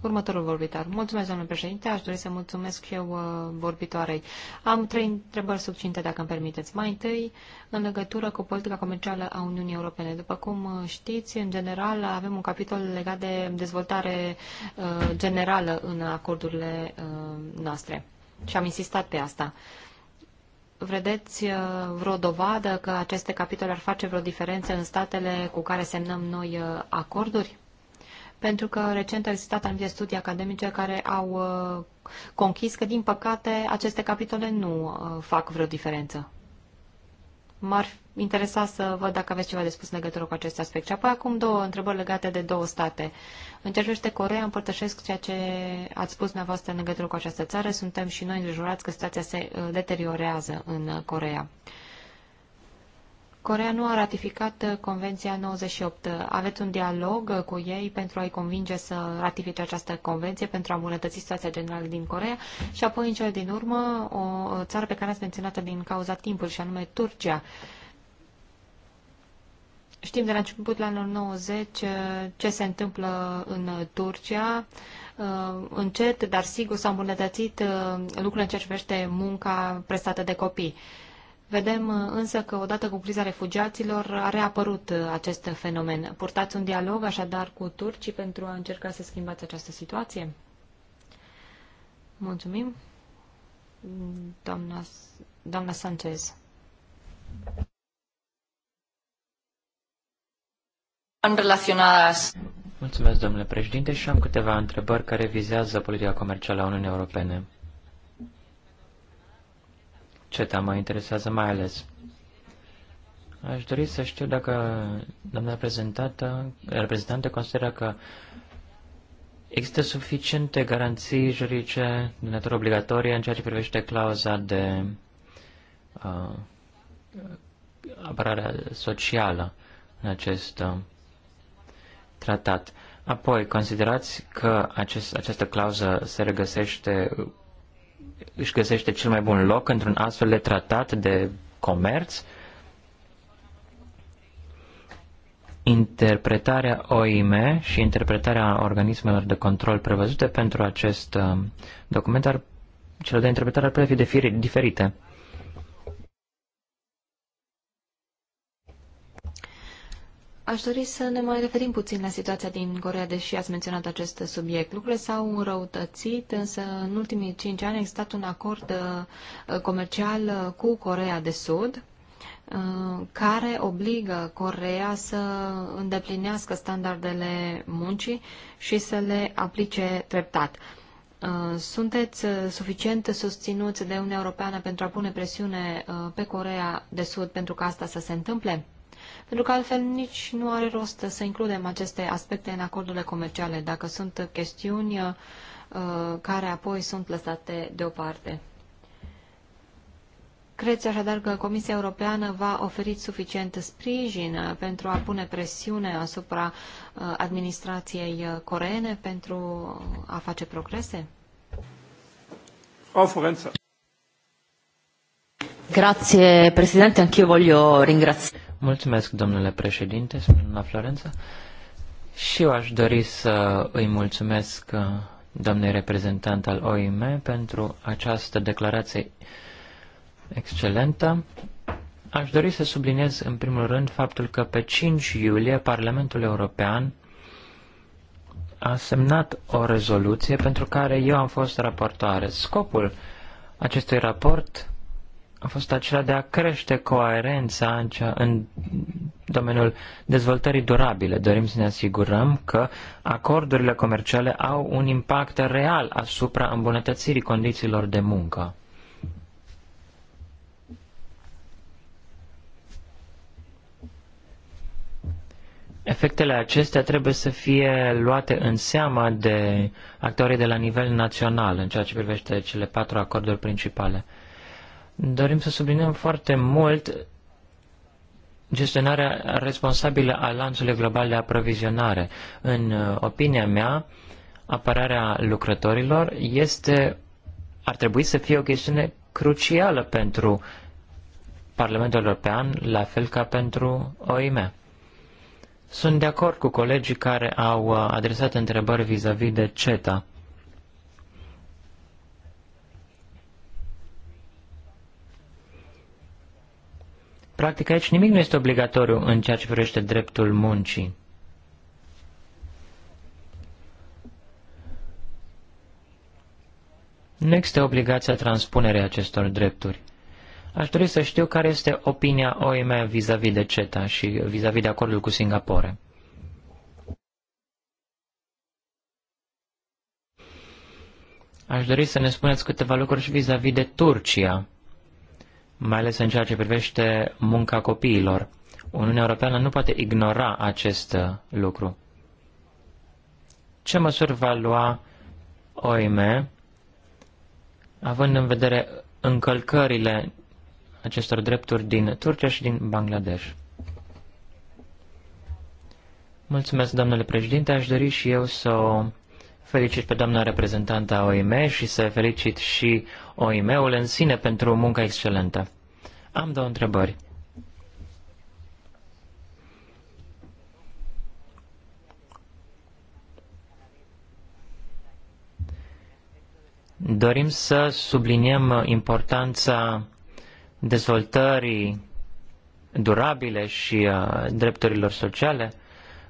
Următorul vorbitor. Mulțumesc, domnule președinte. Aș dori să mulțumesc și eu uh, vorbitoarei. Am trei întrebări subținte, dacă îmi permiteți. Mai întâi, în legătură cu politica comercială a Uniunii Europene. După cum uh, știți, în general, avem un capitol legat de dezvoltare uh, generală în acordurile noastre. Și am insistat pe asta uh, vreo dovadă că aceste capitole ar face vreo diferență în statele cu care semnăm noi acorduri? pentru că recent au existat anumite studii academice care au uh, conchis că, din păcate, aceste capitole nu uh, fac vreo diferență. M-ar interesa să văd dacă aveți ceva de spus în legătură cu acest aspect. Și apoi acum două întrebări legate de două state. În ce privește Corea, împărtășesc ceea ce ați spus dumneavoastră în legătură cu această țară. Suntem și noi îngrijorați că situația se uh, deteriorează în Corea. Uh, Corea nu a ratificat uh, Convenția 98. Aveți un dialog uh, cu ei pentru a-i convinge să ratifice această convenție, pentru a îmbunătăți situația generală din Corea și apoi, în cele din urmă, o țară pe care ați menționat din cauza timpului, și anume Turcia. Știm de la început la anul 90 uh, ce se întâmplă în Turcia. Încet, dar sigur, s-au îmbunătățit lucrurile în ceea ce privește munca prestată de copii. Vedem uh, însă că odată cu criza refugiaților a reapărut uh, acest fenomen. Purtați un dialog așadar cu turcii pentru a încerca să schimbați această situație? Mulțumim. Doamna, doamna Sanchez.
Mulțumesc, domnule președinte, și am câteva întrebări care vizează politica comercială a Uniunii Europene. CETA mă interesează mai ales. Aș dori să știu dacă doamna reprezentată, reprezentantă consideră că există suficiente garanții juridice de natură obligatorie în ceea ce privește clauza de uh, apărare socială în acest uh, tratat. Apoi, considerați că acest, această clauză se regăsește își găsește cel mai bun loc într-un astfel de tratat de comerț. Interpretarea OIM și interpretarea organismelor de control prevăzute pentru acest uh, document, ar, cele de interpretare ar putea fi diferite.
Aș dori să ne mai referim puțin la situația din Corea, deși ați menționat acest subiect. Lucrurile s-au înrăutățit, însă în ultimii cinci ani a existat un acord uh, comercial uh, cu Corea de Sud uh, care obligă Corea să îndeplinească standardele muncii și să le aplice treptat. Sunteți suficient susținuți de Uniunea Europeană pentru a pune presiune pe Corea de Sud pentru ca asta să se întâmple? pentru că altfel nici nu are rost să includem aceste aspecte în acordurile comerciale, dacă sunt chestiuni uh, care apoi sunt lăsate deoparte. Creți așadar că Comisia Europeană va oferi suficient sprijin uh, pentru a pune presiune asupra uh, administrației coreene pentru a face progrese? Conferența. Grazie Presidente, anch'io voglio
ringraziare. Mulțumesc, domnule președinte, spune doamna Florența. Și eu aș dori să îi mulțumesc uh, doamnei reprezentant al OIM pentru această declarație excelentă. Aș dori să subliniez în primul rând faptul că pe 5 iulie Parlamentul European a semnat o rezoluție pentru care eu am fost raportoare. Scopul acestui raport a fost acela de a crește coerența în, cea, în domeniul dezvoltării durabile. Dorim să ne asigurăm că acordurile comerciale au un impact real asupra îmbunătățirii condițiilor de muncă. Efectele acestea trebuie să fie luate în seamă de actorii de la nivel național în ceea ce privește cele patru acorduri principale. Dorim să subliniem foarte mult gestionarea responsabilă a lanțului global de aprovizionare. În uh, opinia mea, apărarea lucrătorilor este, ar trebui să fie o chestiune crucială pentru Parlamentul European, la fel ca pentru OIM. Sunt de acord cu colegii care au uh, adresat întrebări vis-a-vis -vis de CETA. Practic aici nimic nu este obligatoriu în ceea ce privește dreptul muncii. Nu există obligația transpunerei acestor drepturi. Aș dori să știu care este opinia OIM vis-a-vis -vis de CETA și vis-a-vis -vis de acordul cu Singapore. Aș dori să ne spuneți câteva lucruri și vis-a-vis -vis de Turcia mai ales în ceea ce privește munca copiilor. Uniunea Europeană nu poate ignora acest uh, lucru. Ce măsuri va lua OIM, având în vedere încălcările acestor drepturi din Turcia și din Bangladesh? Mulțumesc, domnule președinte. Aș dori și eu să o felicit pe doamna reprezentantă a OIM și să felicit și OIM-ul în sine pentru muncă excelentă. Am două întrebări. Dorim să subliniem importanța dezvoltării durabile și drepturilor sociale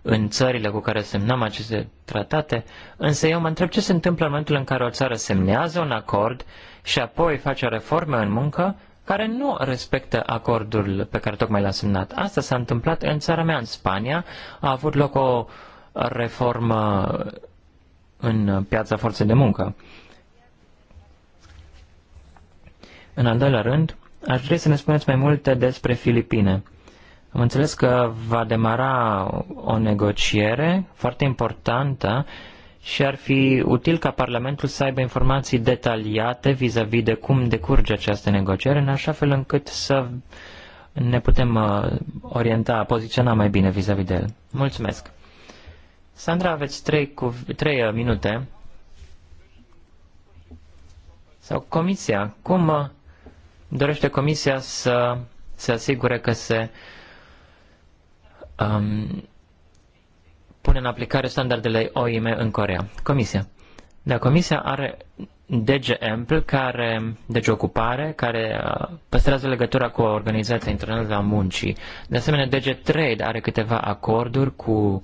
în țările cu care semnăm aceste tratate, însă eu mă întreb ce se întâmplă în momentul în care o țară semnează un acord și apoi face reforme în muncă care nu respectă acordul pe care tocmai l-a semnat. Asta s-a întâmplat în țara mea, în Spania. A avut loc o reformă în piața forței de muncă. În al doilea rând, aș vrea să ne spuneți mai multe despre Filipine. Am înțeles că va demara o negociere foarte importantă și ar fi util ca Parlamentul să aibă informații detaliate vis-a-vis -vis de cum decurge această negociere, în așa fel încât să ne putem uh, orienta, poziționa mai bine vis-a-vis -vis de el. Mulțumesc! Sandra, aveți trei, cuv- trei uh, minute. Sau comisia. Cum uh, dorește comisia să se asigure că se um, pune în aplicare standardele OIM în Corea. Comisia. Da, comisia are DG Ample, care, DG deci Ocupare, care uh, păstrează legătura cu Organizația Internațională a Muncii. De asemenea, DG Trade are câteva acorduri cu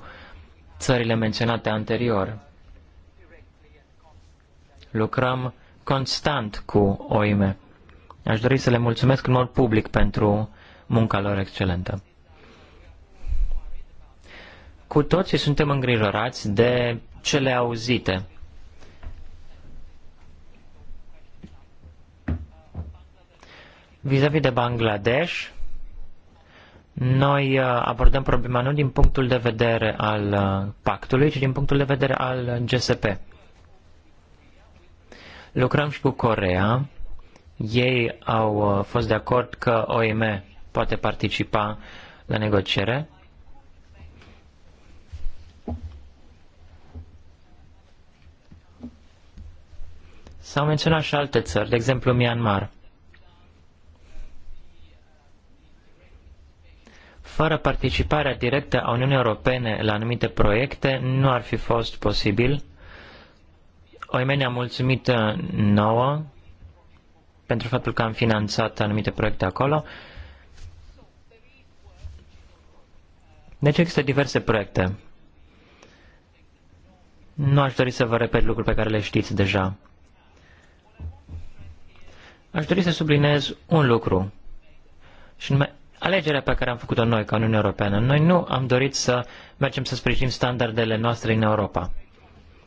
țările menționate anterior. Lucrăm constant cu OIM. Aș dori să le mulțumesc în mod public pentru munca lor excelentă. Cu toții suntem îngrijorați de cele auzite. Vis-a-vis de Bangladesh, noi uh, abordăm problema nu din punctul de vedere al uh, pactului, ci din punctul de vedere al GSP. Lucrăm și cu Corea. Ei au uh, fost de acord că OIM poate participa la negociere. S-au menționat și alte țări, de exemplu Myanmar. Fără participarea directă a Uniunii Europene la anumite proiecte, nu ar fi fost posibil. O ne-a mulțumit nouă pentru faptul că am finanțat anumite proiecte acolo. Deci există diverse proiecte. Nu aș dori să vă repet lucruri pe care le știți deja. Aș dori să subliniez un lucru, și numai alegerea pe care am făcut-o noi ca Uniunea Europeană. Noi nu am dorit să mergem să sprijinim standardele noastre în Europa.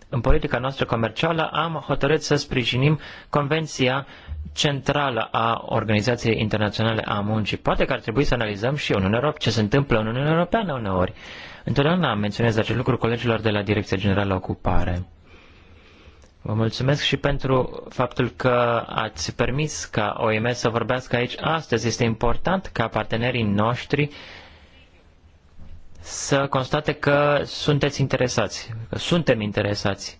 În politica noastră comercială am hotărât să sprijinim Convenția Centrală a Organizației Internaționale a Muncii. Poate că ar trebui să analizăm și Uniunea Europa ce se întâmplă în Uniunea Europeană uneori. Întotdeauna menționez acest lucru colegilor de la Direcția Generală Ocupare. Vă mulțumesc și pentru faptul că ați permis ca OMS să vorbească aici astăzi. Este important ca partenerii noștri să constate că sunteți interesați, că suntem interesați.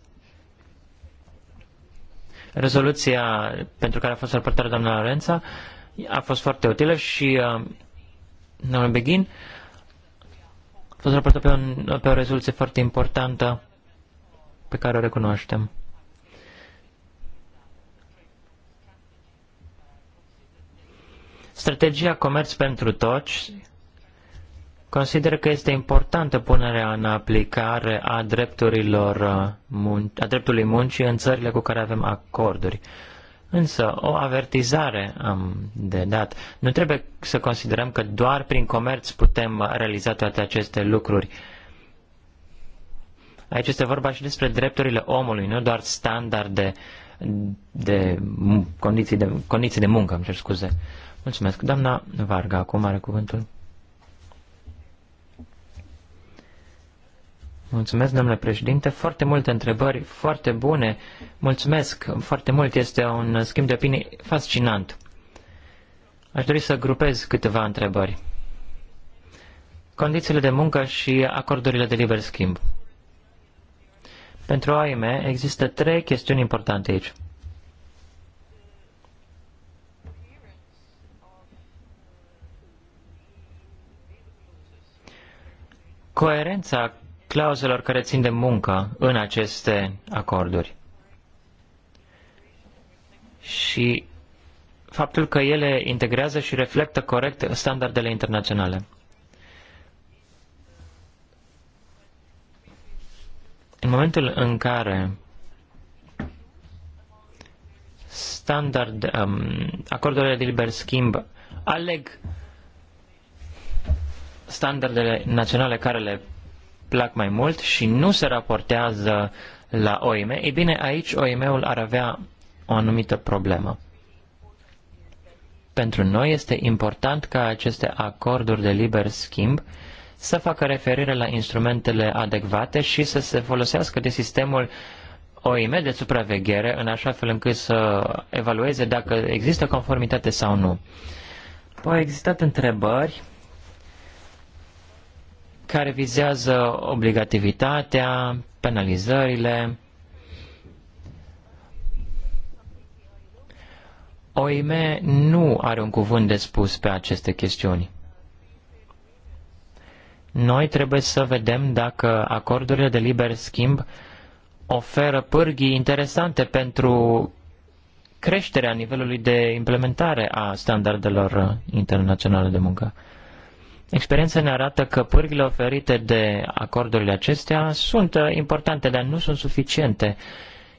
Rezoluția pentru care a fost raportată doamna Lorența a fost foarte utilă și uh, domnul Begin a fost raportată pe, un, pe o rezoluție foarte importantă pe care o recunoaștem. Strategia Comerț pentru Toți consideră că este importantă punerea în aplicare a drepturilor uh, a dreptului muncii în țările cu care avem acorduri. Însă, o avertizare am de dat. Nu trebuie să considerăm că doar prin comerț putem realiza toate aceste lucruri. Aici este vorba și despre drepturile omului, nu doar standarde de, de condiții de, condiții de muncă, îmi cer scuze. Mulțumesc. Doamna Varga, acum are cuvântul. Mulțumesc, domnule președinte. Foarte multe întrebări, foarte bune. Mulțumesc foarte mult. Este un schimb de opinii fascinant. Aș dori să grupez câteva întrebări. Condițiile de muncă și acordurile de liber schimb. Pentru AIME există trei chestiuni importante aici. coerența clauzelor care țin de muncă în aceste acorduri și faptul că ele integrează și reflectă corect standardele internaționale. În momentul în care standard, um, acordurile de liber schimb aleg standardele naționale care le plac mai mult și nu se raportează la OIM, ei bine, aici OIM-ul ar avea o anumită problemă. Pentru noi este important ca aceste acorduri de liber schimb să facă referire la instrumentele adecvate și să se folosească de sistemul OIM de supraveghere în așa fel încât să evalueze dacă există conformitate sau nu. Au existat întrebări care vizează obligativitatea, penalizările. OIM nu are un cuvânt de spus pe aceste chestiuni. Noi trebuie să vedem dacă acordurile de liber schimb oferă pârghii interesante pentru creșterea nivelului de implementare a standardelor internaționale de muncă. Experiența ne arată că pârghile oferite de acordurile acestea sunt uh, importante, dar nu sunt suficiente.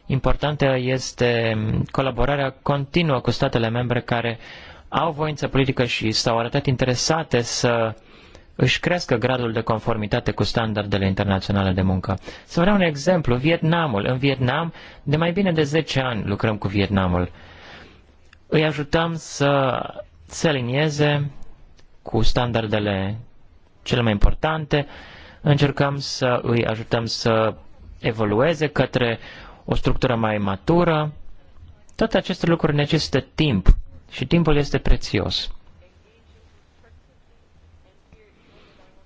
Importantă este colaborarea continuă cu statele membre care au voință politică și s-au arătat interesate să își crească gradul de conformitate cu standardele internaționale de muncă. Să vă dau un exemplu, Vietnamul. În Vietnam, de mai bine de 10 ani lucrăm cu Vietnamul. Îi ajutăm să se alinieze cu standardele cele mai importante, încercăm să îi ajutăm să evolueze către o structură mai matură. Toate aceste lucruri necesită timp și timpul este prețios.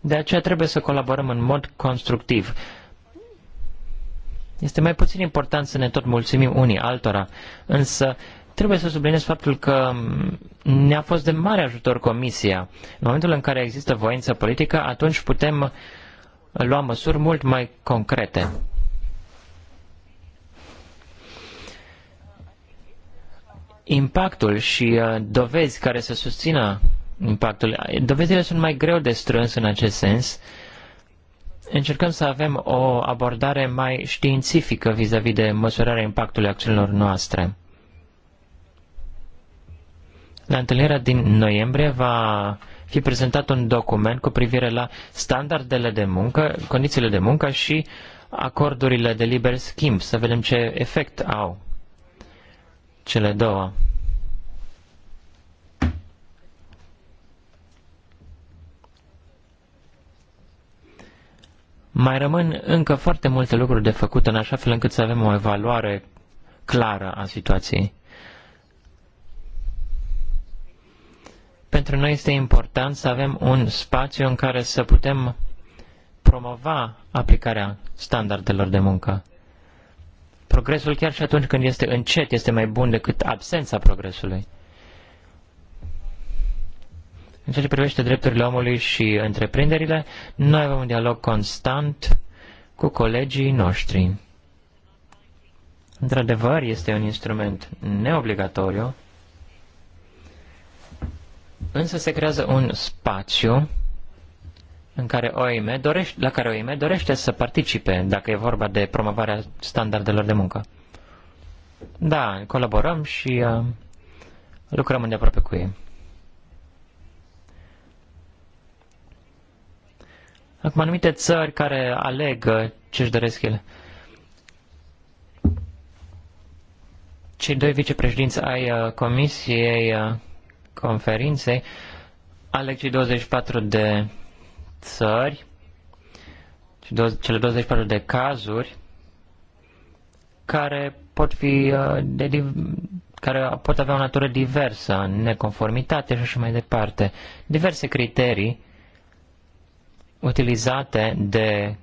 De aceea trebuie să colaborăm în mod constructiv. Este mai puțin important să ne tot mulțumim unii altora, însă Trebuie să subliniez faptul că ne-a fost de mare ajutor Comisia. În momentul în care există voință politică, atunci putem lua măsuri mult mai concrete. Impactul și uh, dovezi care să susțină impactul, dovezile sunt mai greu de strâns în acest sens. Încercăm să avem o abordare mai științifică vis-a-vis -vis de măsurarea impactului acțiunilor noastre. La întâlnirea din noiembrie va fi prezentat un document cu privire la standardele de muncă, condițiile de muncă și acordurile de liber schimb, să vedem ce efect au cele două. Mai rămân încă foarte multe lucruri de făcut în așa fel încât să avem o evaluare clară a situației. Pentru noi este important să avem un spațiu în care să putem promova aplicarea standardelor de muncă. Progresul chiar și atunci când este încet este mai bun decât absența progresului. În ceea ce privește drepturile omului și întreprinderile, noi avem un dialog constant cu colegii noștri. Într-adevăr, este un instrument neobligatoriu însă se creează un spațiu în care OIM dorește, la care OIM dorește să participe, dacă e vorba de promovarea standardelor de muncă. Da, colaborăm și uh, lucrăm îndeaproape cu ei. Acum, anumite țări care aleg uh, ce își doresc ele. Cei doi vicepreședinți ai uh, Comisiei uh, conferinței, ale cei 24 de țări cele 24 de cazuri care pot fi uh, de, care pot avea o natură diversă, neconformitate și așa mai departe. Diverse criterii utilizate de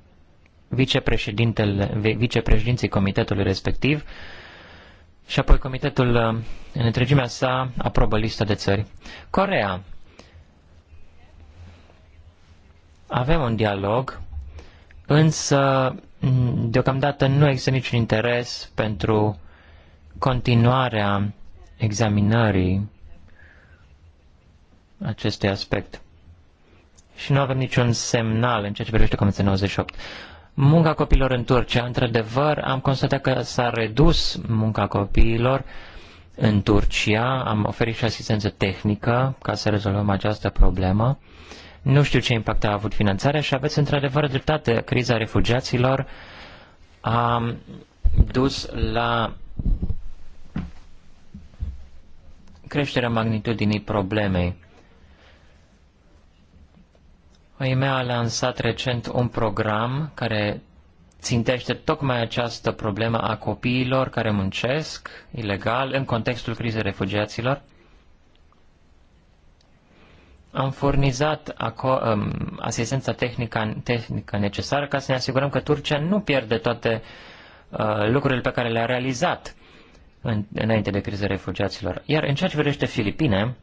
vicepreședintele, vicepreședinții comitetului respectiv uh, și apoi comitetul uh, în întregimea sa aprobă lista de țări. Corea. Avem un dialog, însă deocamdată nu există niciun interes pentru continuarea examinării acestui aspect. Și nu avem niciun semnal în ceea ce privește Comisia 98 munca copiilor în Turcia. Într-adevăr, am constatat că s-a redus munca copiilor în Turcia, am oferit și asistență tehnică ca să rezolvăm această problemă. Nu știu ce impact a avut finanțarea și aveți într-adevăr dreptate. Criza refugiaților a dus la creșterea magnitudinii problemei. IMEA a lansat recent un program care țintește tocmai această problemă a copiilor care muncesc ilegal în contextul crizei refugiaților. Am furnizat aco- um, asistența tehnică, tehnică necesară ca să ne asigurăm că Turcia nu pierde toate uh, lucrurile pe care le-a realizat în, înainte de criza refugiaților. Iar în ceea ce vedește Filipine,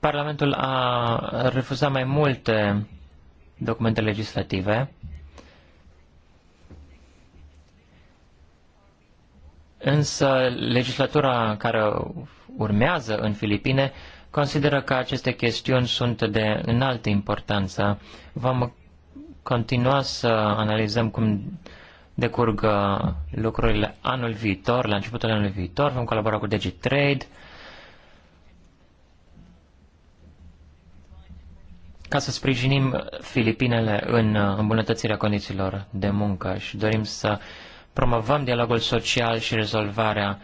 Parlamentul a refuzat mai multe documente legislative, însă legislatura care urmează în Filipine consideră că aceste chestiuni sunt de înaltă importanță. Vom continua să analizăm cum decurg lucrurile anul viitor, la începutul anului viitor, vom colabora cu DigiTrade, ca să sprijinim Filipinele în uh, îmbunătățirea condițiilor de muncă și dorim să promovăm dialogul social și rezolvarea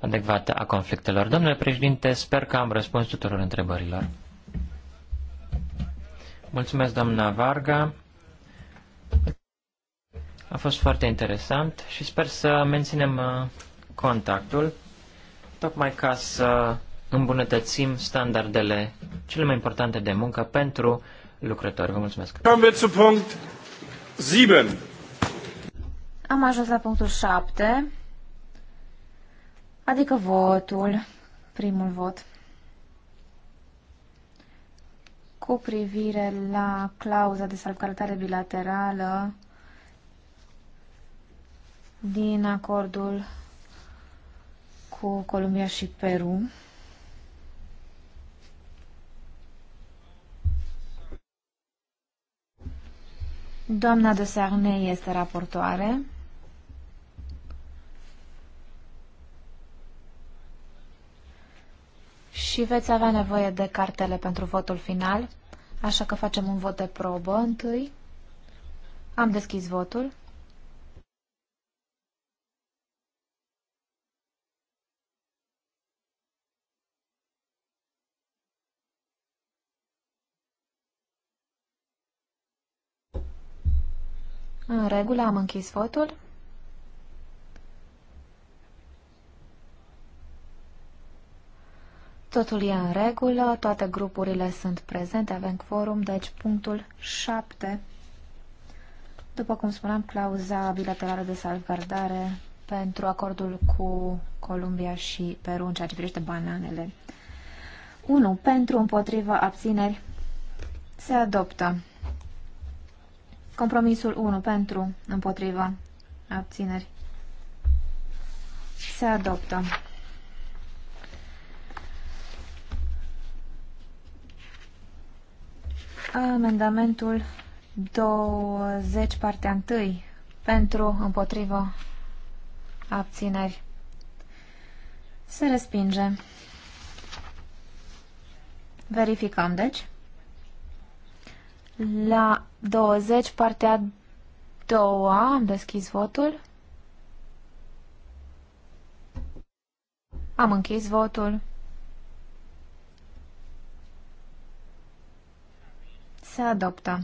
adecvată a conflictelor. Domnule președinte, sper că am răspuns tuturor întrebărilor. Mulțumesc, doamna Varga. A fost foarte interesant și sper să menținem uh, contactul, tocmai ca să îmbunătățim standardele cele mai importante de muncă pentru lucrători. Vă mulțumesc.
Am ajuns la punctul 7, adică votul, primul vot. Cu privire la clauza de salvgarantare bilaterală din acordul cu Columbia și Peru. Doamna de Sarne este raportoare. Și veți avea nevoie de cartele pentru votul final, așa că facem un vot de probă întâi. Am deschis votul. În regulă, am închis votul. Totul e în regulă, toate grupurile sunt prezente, avem quorum, deci punctul 7. După cum spuneam, clauza bilaterală de salvgardare pentru acordul cu Columbia și Peru în ceea ce privește bananele. 1. Pentru împotriva abțineri se adoptă. Compromisul 1 pentru, împotriva abțineri. Se adoptă. Amendamentul 20, partea 1, pentru, împotrivă, abțineri. Se respinge. Verificăm, deci. La 20, partea a doua, am deschis votul. Am închis votul. Se adoptă.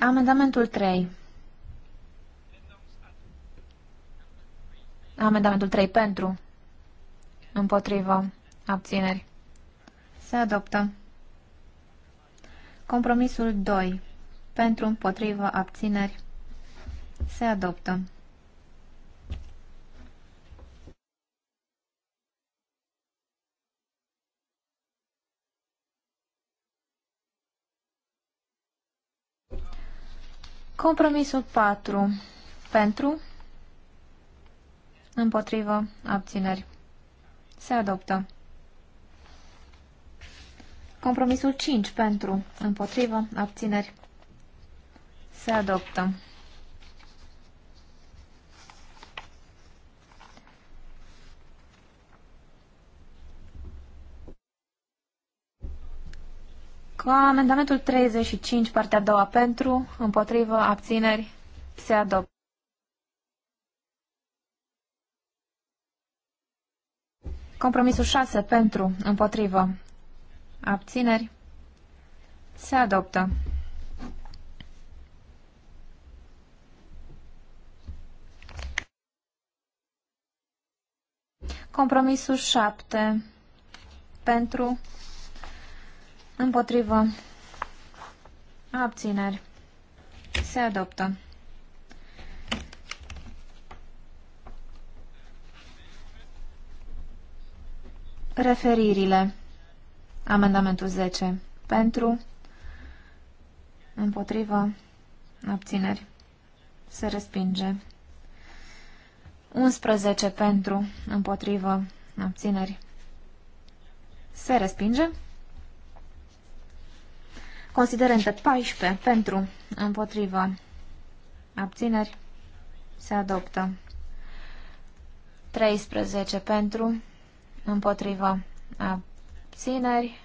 Amendamentul 3. Amendamentul 3 pentru. Împotrivă. Abțineri. Se adoptă. Compromisul 2. Pentru împotrivă abțineri. Se adoptă. Compromisul 4. Pentru. Împotrivă. Abțineri. Se adoptă. Compromisul 5. Pentru. Împotrivă. Abțineri. Se adoptă. Amendamentul 35, partea a doua pentru, împotrivă, abțineri, se adoptă. Compromisul 6 pentru, împotrivă, abțineri, se adoptă. Compromisul 7 pentru, Împotrivă. Abțineri. Se adoptă. Referirile. Amendamentul 10. Pentru. Împotrivă. Abțineri. Se respinge. 11 pentru, împotrivă, abțineri. Se respinge. Considerente 14 pentru, împotrivă, abțineri, se adoptă. 13 pentru, împotrivă, abțineri,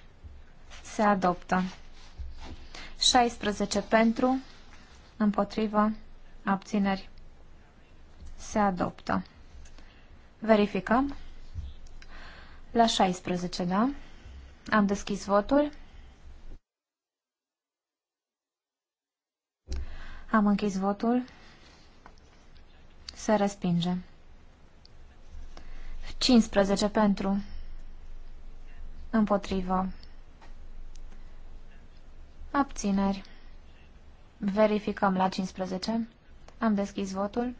se adoptă. 16 pentru, împotrivă, abțineri, se adoptă. Verificăm. La 16, da? Am deschis votul. Am închis votul. Se respinge. 15 pentru. Împotrivă. Abțineri. Verificăm la 15. Am deschis votul.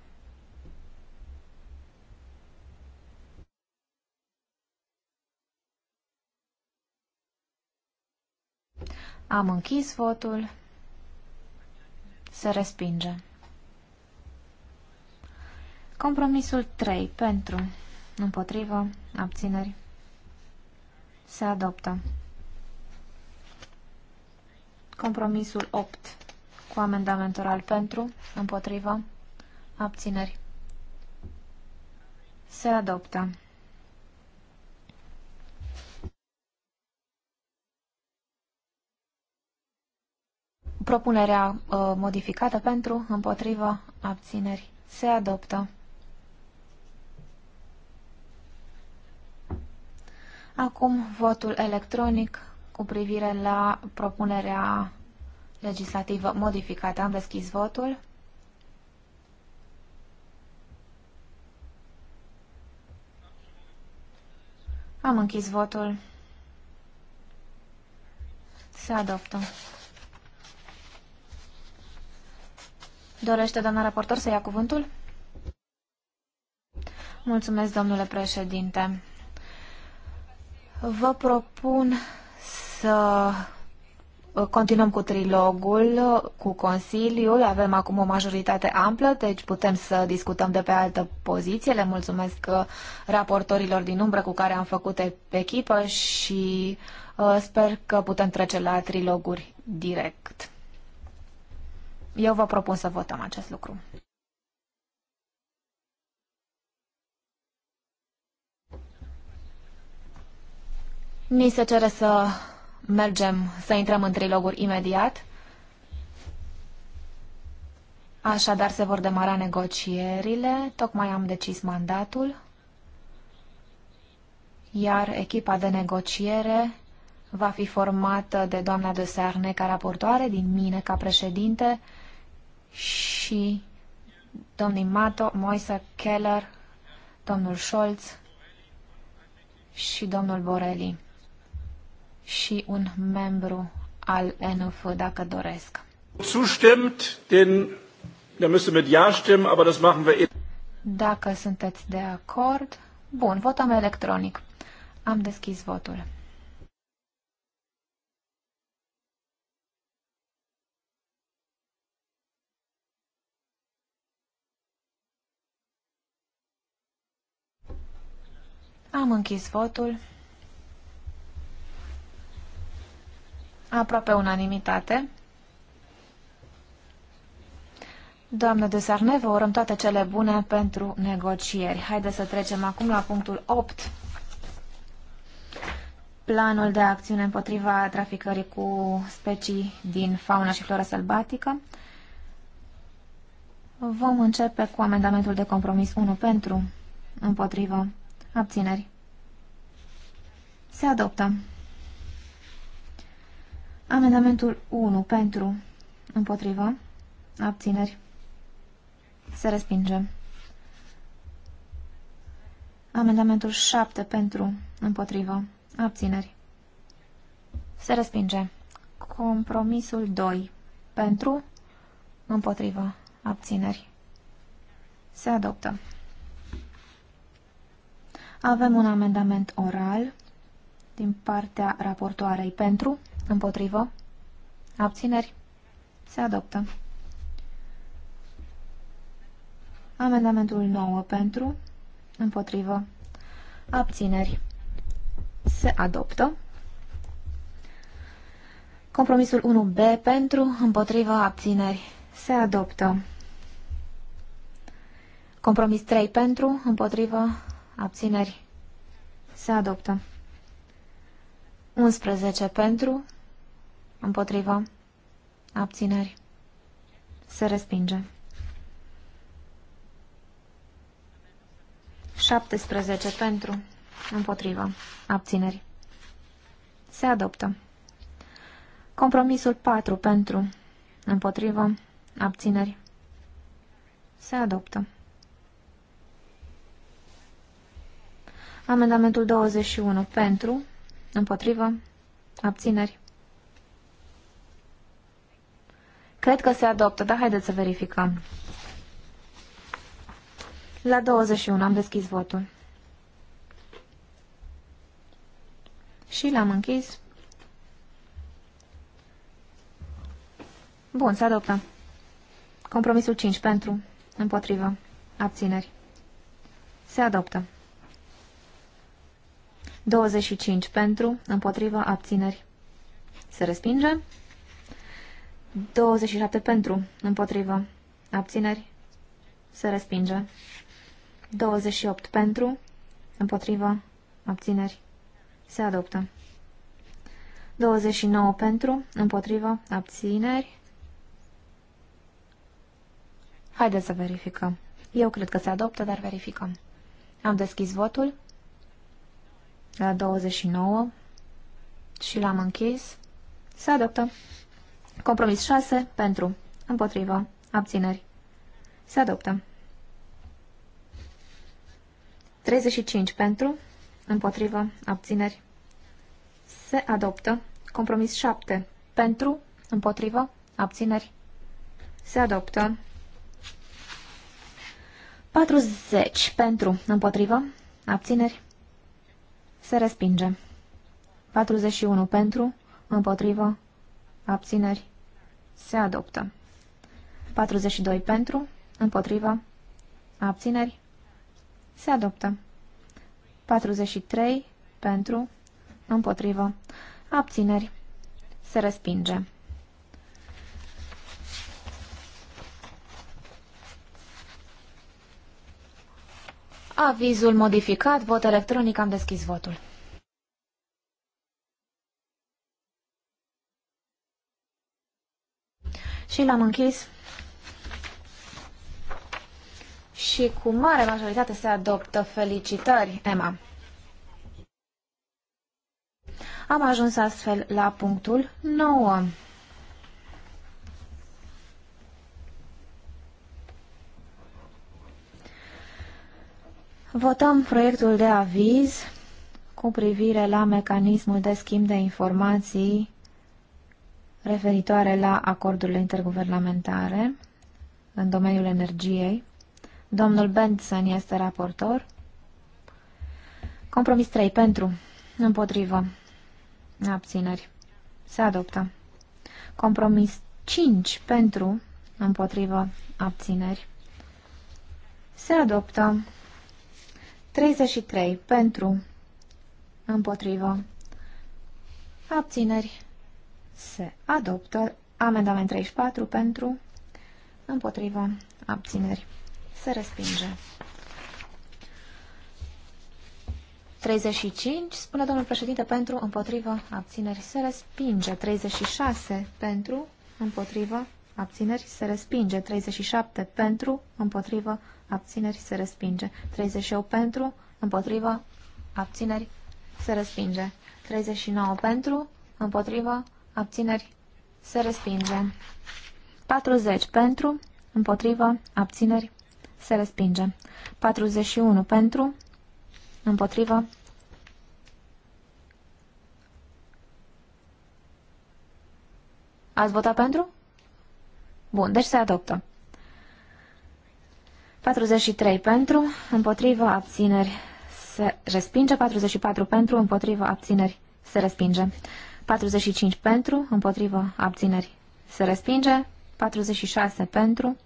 Am închis votul. Se respinge. Compromisul 3. Pentru. Împotrivă. Abțineri. Se adoptă. Compromisul 8. Cu amendament oral pentru. Împotrivă. Abțineri. Se adoptă. Propunerea uh, modificată pentru, împotriva abțineri se adoptă. Acum votul electronic cu privire la propunerea legislativă modificată. Am deschis votul. Am închis votul. Se adoptă. Dorește doamna raportor să ia cuvântul? Mulțumesc, domnule președinte. Vă propun să continuăm cu trilogul, cu Consiliul. Avem acum o majoritate amplă, deci putem să discutăm de pe altă poziție. Le mulțumesc uh, raportorilor din umbră cu care am făcut echipă și uh, sper că putem trece la triloguri direct eu vă propun să votăm acest lucru. Ni se cere să mergem, să intrăm în triloguri imediat. Așadar se vor demara negocierile, tocmai am decis mandatul, iar echipa de negociere va fi formată de doamna de Searne ca raportoare, din mine ca președinte, și domnii Mato, Moise, Keller, domnul Scholz și domnul Borelli și un membru al NF, dacă doresc. Zustimmt, den, da müssen mit Ja stimmen, aber das machen wir eh- Dacă sunteți de acord, bun, votăm electronic. Am deschis votul. Am închis votul. Aproape unanimitate. Doamnă de Sarne, vă urăm toate cele bune pentru negocieri. Haideți să trecem acum la punctul 8. Planul de acțiune împotriva traficării cu specii din fauna și flora sălbatică. Vom începe cu amendamentul de compromis 1 pentru, împotrivă, Abțineri. Se adoptă. Amendamentul 1 pentru, împotrivă, abțineri, se respinge. Amendamentul 7 pentru, împotrivă, abțineri, se respinge. Compromisul 2 pentru, împotrivă, abțineri, se adoptă. Avem un amendament oral din partea raportoarei pentru, împotrivă, abțineri, se adoptă. Amendamentul 9 pentru, împotrivă, abțineri, se adoptă. Compromisul 1B pentru, împotrivă, abțineri, se adoptă. Compromis 3 pentru, împotrivă, abțineri, se adoptă. 11 pentru, împotriva, abțineri, se respinge. 17 pentru, împotriva, abțineri, se adoptă. Compromisul 4 pentru, împotriva, abțineri, se adoptă. Amendamentul 21 pentru, împotrivă, abțineri. Cred că se adoptă, dar haideți să verificăm. La 21 am deschis votul. Și l-am închis. Bun, se adoptă. Compromisul 5 pentru, împotrivă, abțineri. Se adoptă. 25 pentru, împotriva, abțineri. Se respinge. 27 pentru, împotriva, abțineri. Se respinge. 28 pentru, împotriva, abțineri. Se adoptă. 29 pentru, împotriva, abțineri. Haideți să verificăm. Eu cred că se adoptă, dar verificăm. Am deschis votul la 29 și l-am închis. Se adoptă. Compromis 6 pentru, împotriva abțineri. Se adoptă. 35 pentru, împotriva abțineri. Se adoptă. Compromis 7 pentru, împotriva abțineri. Se adoptă. 40 pentru, împotriva abțineri. Se respinge. 41 pentru, împotrivă, abțineri, se adoptă. 42 pentru, împotrivă, abțineri, se adoptă. 43 pentru, împotrivă, abțineri, se respinge. Avizul modificat, vot electronic, am deschis votul. Și l-am închis. Și cu mare majoritate se adoptă. Felicitări, Emma! Am ajuns astfel la punctul 9. Votăm proiectul de aviz cu privire la mecanismul de schimb de informații referitoare la acordurile interguvernamentare în domeniul energiei. Domnul Benson este raportor. Compromis 3 pentru, împotrivă, abțineri. Se adoptă. Compromis 5 pentru, împotrivă, abțineri. Se adoptă. 33. Pentru. Împotrivă. Abțineri. Se adoptă. Amendament 34. Pentru. Împotrivă. Abțineri. Se respinge. 35, spune domnul președinte, pentru, împotrivă, abțineri, se respinge. 36, pentru, împotrivă, abțineri, se respinge. 37 pentru, împotrivă, abțineri, se respinge. 38 pentru, împotrivă, abțineri, se respinge. 39 pentru, împotrivă, abțineri, se respinge. 40 pentru, împotrivă, abțineri, se respinge. 41 pentru, împotrivă, Ați votat pentru? Bun, deci se adoptă. 43 pentru, împotrivă, abțineri, se respinge. 44 pentru, împotrivă, abțineri, se respinge. 45 pentru, împotrivă, abțineri, se respinge. 46 pentru,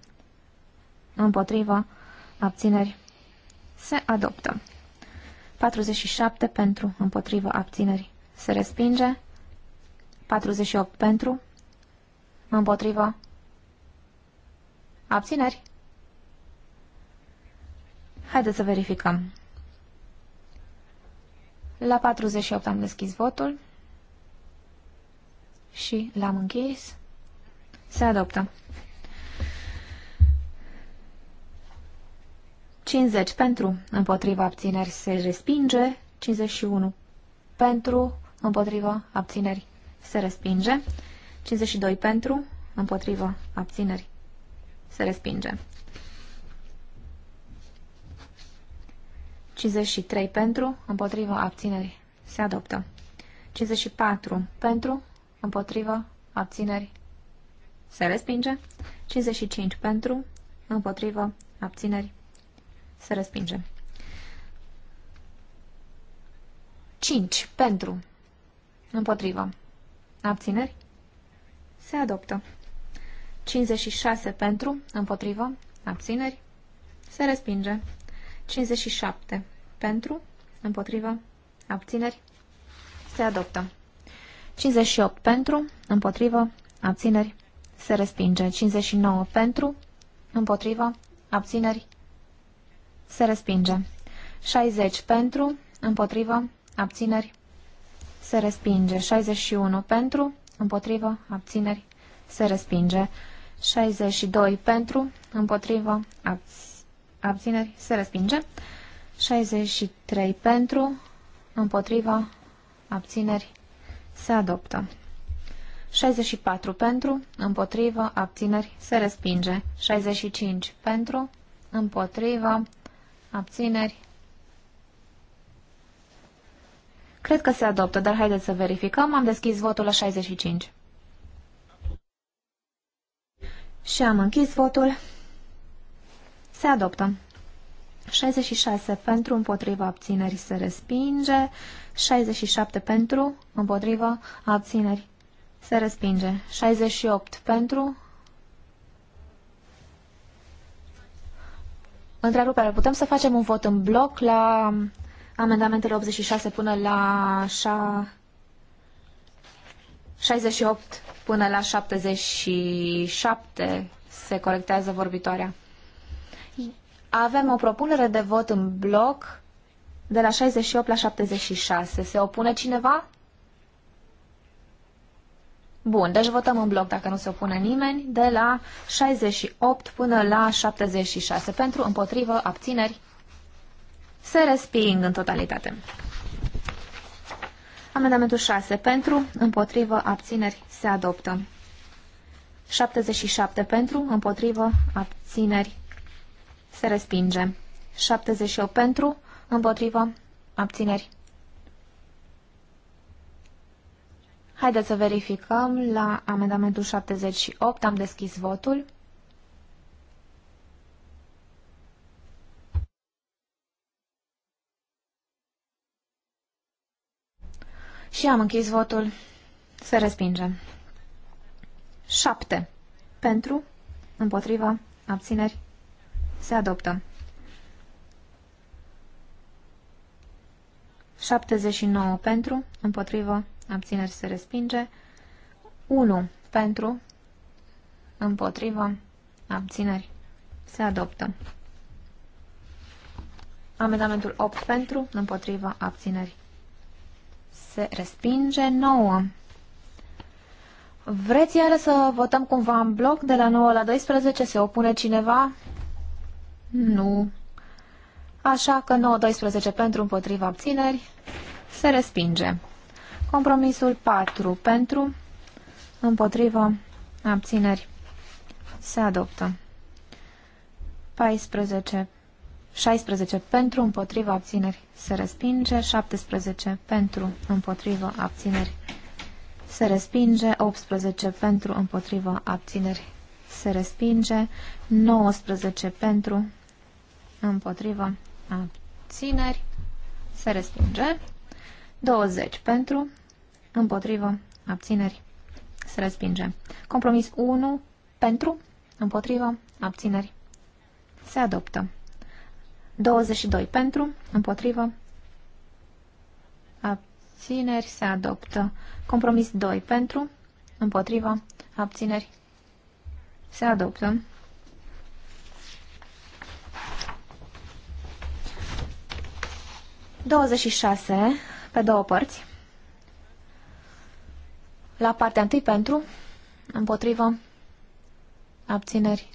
împotrivă, abțineri, se adoptă. 47 pentru, împotrivă, abțineri, se respinge. 48 pentru, împotrivă, Abțineri? Haideți să verificăm. La 48 am deschis votul și l-am închis. Se adoptă. 50 pentru, împotriva abțineri se respinge, 51 pentru, împotriva abțineri se respinge, 52 pentru, împotriva abțineri se respinge. 53 pentru, împotrivă, abțineri, se adoptă. 54 pentru, împotrivă, abțineri, se respinge. 55 pentru, împotrivă, abțineri, se respinge. 5 pentru, împotrivă, abțineri, se adoptă. 56 pentru, împotrivă, abțineri, se respinge. 57 pentru, împotrivă, abțineri, se adoptă. 58 pentru, împotrivă, abțineri, se respinge. 59 pentru, împotrivă, abțineri, se respinge. 60 pentru, împotrivă, abțineri, se respinge. 61 pentru, împotrivă, abțineri, se respinge. 62 pentru, împotrivă, abțineri, se respinge. 63 pentru, împotriva, abțineri, se adoptă. 64 pentru, împotrivă, abțineri, se respinge. 65 pentru, împotrivă, abțineri. Cred că se adoptă, dar haideți să verificăm. Am deschis votul la 65. Și am închis votul. Se adoptă. 66 pentru, împotriva abținerii se respinge. 67 pentru, împotriva abținerii se respinge. 68 pentru. Întrerupere. Putem să facem un vot în bloc la amendamentele 86 până la 6. 68 până la 77 se corectează vorbitoarea. Avem o propunere de vot în bloc de la 68 la 76. Se opune cineva? Bun, deci votăm în bloc dacă nu se opune nimeni, de la 68 până la 76. Pentru, împotrivă, abțineri, se resping în totalitate. Amendamentul 6 pentru, împotrivă, abțineri, se adoptă. 77 pentru, împotrivă, abțineri, se respinge. 78 pentru, împotrivă, abțineri. Haideți să verificăm la amendamentul 78. Am deschis votul. Și am închis votul. Se respinge. 7. Pentru, împotriva, abțineri, se adoptă. 79 pentru, împotrivă, abțineri se respinge. 1 pentru, împotrivă, abțineri se adoptă. Amendamentul 8 pentru, împotrivă, abțineri se respinge 9. Vreți iară să votăm cumva în bloc de la 9 la 12? Se opune cineva? Nu. Așa că 9-12 pentru împotriva abțineri se respinge. Compromisul 4 pentru împotriva abțineri se adoptă. 14 16 pentru, împotriva abțineri se respinge, 17 pentru, împotriva abțineri se respinge, 18 pentru, împotriva abțineri se respinge, 19 pentru, împotriva abțineri se respinge, 20 pentru, împotriva abțineri se respinge. Compromis 1 pentru, împotriva abțineri se adoptă. 22 pentru, împotrivă, abțineri, se adoptă. Compromis 2 pentru, împotrivă, abțineri, se adoptă. Douăzeci și șase pe două părți. La partea întâi pentru, împotrivă, abțineri,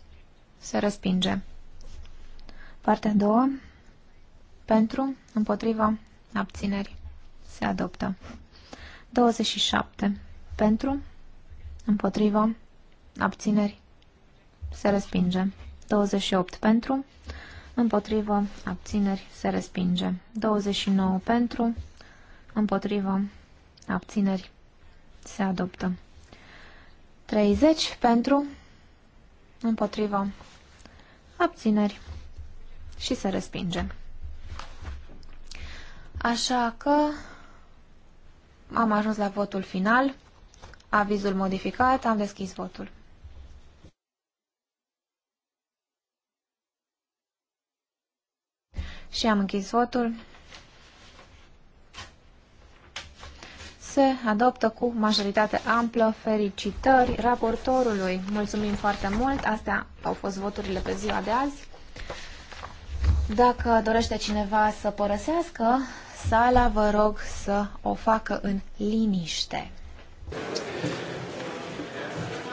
se respinge. Partea a doua. Pentru, împotriva, abțineri. Se adoptă. 27. Pentru, împotriva, abțineri. Se respinge. 28. Pentru, împotriva, abțineri. Se respinge. 29. Pentru, împotriva, abțineri. Se adoptă. 30. Pentru, împotriva, abțineri și se respinge. Așa că am ajuns la votul final. Avizul modificat, am deschis votul. Și am închis votul. Se adoptă cu majoritate amplă. Felicitări raportorului. Mulțumim foarte mult. Astea au fost voturile pe ziua de azi. Dacă dorește cineva să părăsească sala, vă rog să o facă în liniște.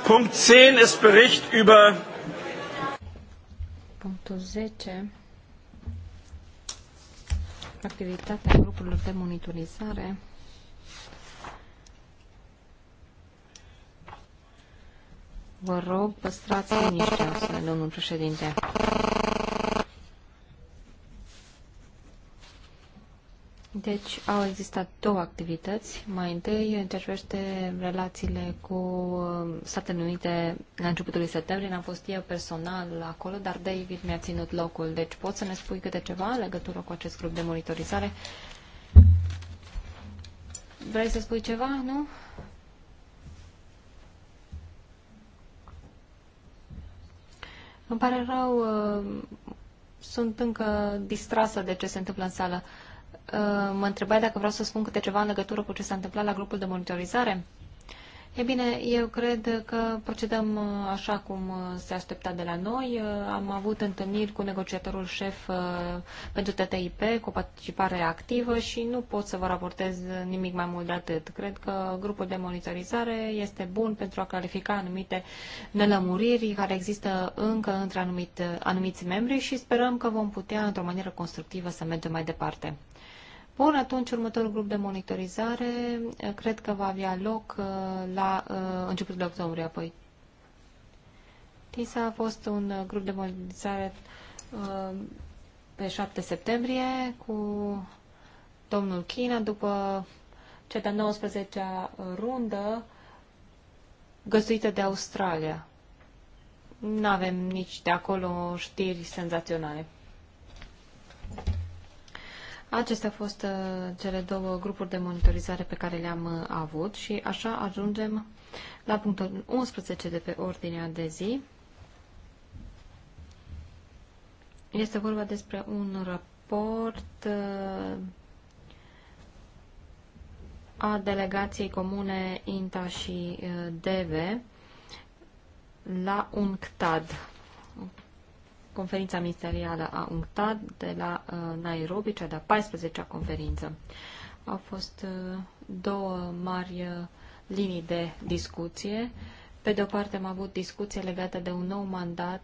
Punct 10 este Bericht
über
Punctul 10 activitatea grupurilor de monitorizare Vă rog, păstrați liniștea, domnul președinte. Deci au existat două activități. Mai întâi încercește relațiile cu um, Statele Unite la începutul septembrie. N-am fost eu personal acolo, dar David mi-a ținut locul. Deci poți să ne spui câte ceva în legătură cu acest grup de monitorizare? Vrei să spui ceva, nu? Îmi pare rău, um, sunt încă distrasă de ce se întâmplă în sală. Ă, mă întrebai dacă vreau să spun câte ceva în legătură cu ce s-a întâmplat la grupul de monitorizare. E bine, eu cred că procedăm ă, așa cum ă, se aștepta de la noi. Am avut întâlniri cu negociatorul șef pentru TTIP, cu participare activă și nu pot să vă raportez nimic mai mult de atât. Cred că grupul de monitorizare este bun pentru a clarifica anumite nelămuriri care există încă între anumit, anumiți membri și sperăm că vom putea, într-o manieră constructivă, să mergem mai departe. Bun, atunci următorul grup de monitorizare eh, cred că va avea loc eh, la eh, începutul octombrie apoi. TISA a fost un grup de monitorizare pe 7 septembrie cu domnul China după cea de-a 19-a rundă găsuită de Australia. Nu avem nici de acolo știri senzaționale. Acestea au fost uh, cele două grupuri de monitorizare pe care le-am uh, avut și așa ajungem la punctul 11 de pe ordinea de zi. Este vorba despre un raport uh, a delegației comune INTA și DEVE la un CTAD conferința ministerială a UNCTAD de la uh, Nairobi, cea de-a 14-a conferință. Au fost uh, două mari uh, linii de discuție. Pe de o parte am avut discuție legată de un nou mandat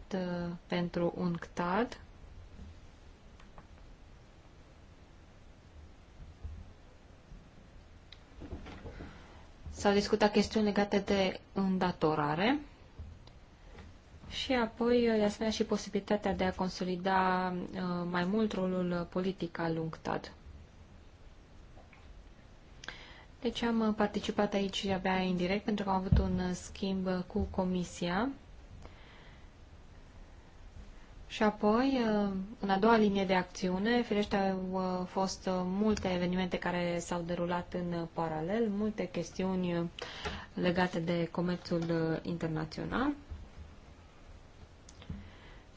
pentru UNCTAD, S-au discutat chestiuni legate de îndatorare și apoi, de asemenea, și posibilitatea de a consolida uh, mai mult rolul politic al UNCTAD. Deci am uh, participat aici abia indirect pentru că am avut un uh, schimb cu comisia. Și apoi, în a doua linie de acțiune, firește au fost multe evenimente care s-au derulat în paralel, multe chestiuni legate de comerțul internațional.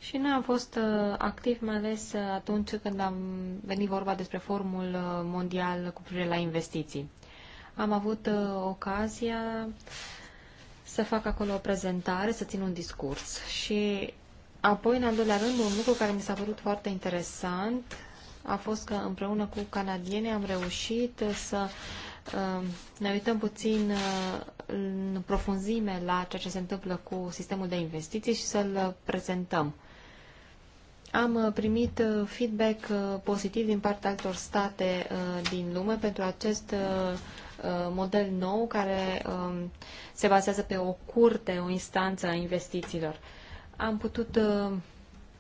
Și noi am fost uh, activ, mai ales uh, atunci când am venit vorba despre Forumul uh, Mondial cu privire la investiții. Am avut uh, ocazia să fac acolo o prezentare, să țin un discurs și apoi, în al doilea rând, un lucru care mi s-a părut foarte interesant a fost că împreună cu canadieni am reușit să uh, ne uităm puțin uh, în profunzime la ceea ce se întâmplă cu sistemul de investiții și să-l uh, prezentăm. Am uh, primit uh, feedback uh, pozitiv din partea altor state din lume pentru acest model nou care um, se bazează pe o curte, o instanță a investițiilor. Am putut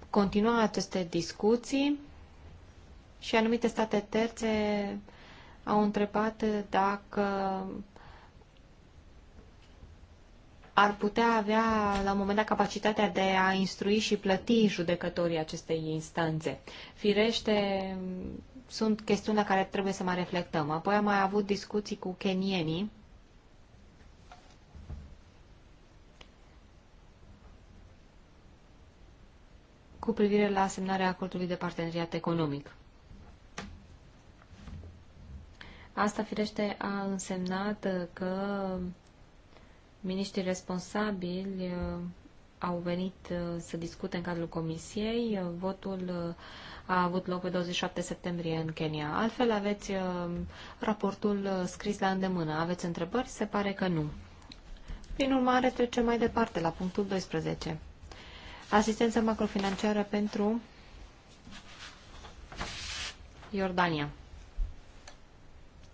continua aceste discuții și anumite state terțe au întrebat dacă ar putea avea la un moment dat capacitatea de a instrui și plăti judecătorii acestei instanțe. Firește, sunt chestiuni la care trebuie să mai reflectăm. Apoi am mai avut discuții cu kenienii. cu privire la semnarea acordului de parteneriat economic. Asta, firește, a însemnat că Miniștrii responsabili uh, au venit uh, să discute în cadrul comisiei. Uh, votul a avut loc pe 27 septembrie în Kenya. Altfel aveți raportul scris la îndemână. Aveți întrebări? Se pare că nu. Prin urmare, trecem mai departe la punctul 12. Asistență macrofinanciară pentru Iordania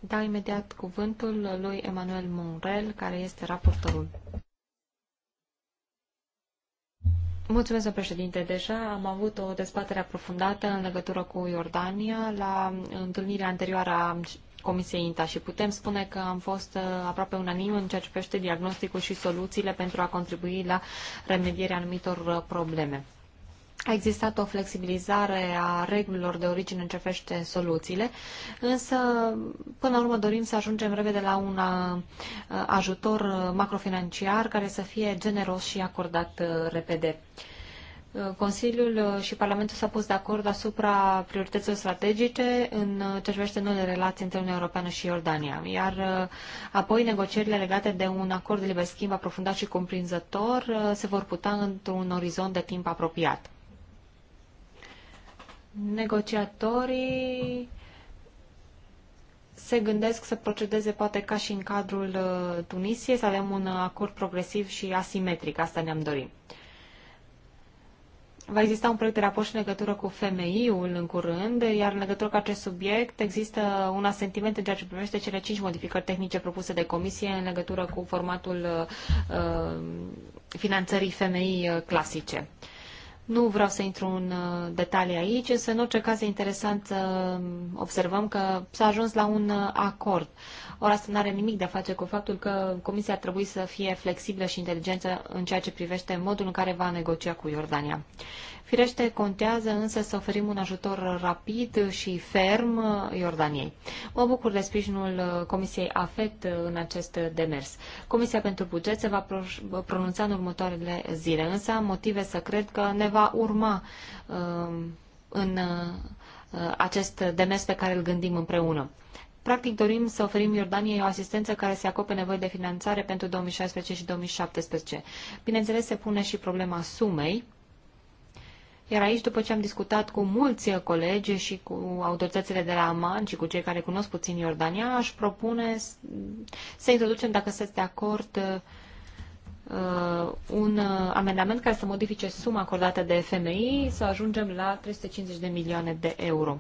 dau imediat cuvântul lui Emanuel Monrel, care este raportorul. Mulțumesc, președinte. Deja am avut o dezbatere aprofundată în legătură cu Iordania la întâlnirea anterioară a Comisiei INTA și putem spune că am fost uh, aproape unanim în ceea ce privește diagnosticul și soluțiile pentru a contribui la remedierea anumitor uh, probleme. A existat o flexibilizare a regulilor de origine în ce privește soluțiile, însă până la urmă dorim să ajungem repede la un uh, ajutor macrofinanciar care să fie generos și acordat uh, repede. Uh, Consiliul și Parlamentul s-au pus de acord asupra priorităților strategice în ce privește noile relații între Uniunea Europeană și Iordania, iar apoi negocierile legate de un acord de liber schimb aprofundat și cuprinzător se vor putea într-un orizont de timp apropiat negociatorii se gândesc să procedeze poate ca și în cadrul uh, Tunisiei, să avem un uh, acord progresiv și asimetric, asta ne-am dorit. Va exista un proiect de raport și în legătură cu FMI ul în curând, iar în legătură cu acest subiect există un asentiment în ceea ce privește cele cinci modificări tehnice propuse de comisie în legătură cu formatul uh, uh finanțării FMI clasice. Uh, nu vreau să intru în uh, detalii aici, însă în orice caz e interesant să um, observăm că s-a ajuns la un uh, acord. Ora asta nu are nimic de a face cu faptul că Comisia ar trebui să fie flexibilă și inteligentă în ceea ce privește modul în care va negocia cu Iordania. Firește, contează însă să oferim un ajutor rapid și ferm uh, Iordaniei. Mă bucur de sprijinul Comisiei AFET în acest demers. Comisia pentru buget se va pronunța în următoarele zile, însă am motive să cred că ne va urma um, în uh, acest demers pe care îl gândim împreună. Practic dorim să oferim Iordaniei o asistență care se acopere nevoi de finanțare pentru 2016 și 2017. Bineînțeles, se pune și problema sumei, iar aici, după ce am discutat cu mulți colegi și cu autoritățile de la Aman și cu cei care cunosc puțin Iordania, aș propune să introducem, dacă sunteți de acord, Uh, un uh, amendament care să modifice suma acordată de FMI, să ajungem la 350 de milioane de euro.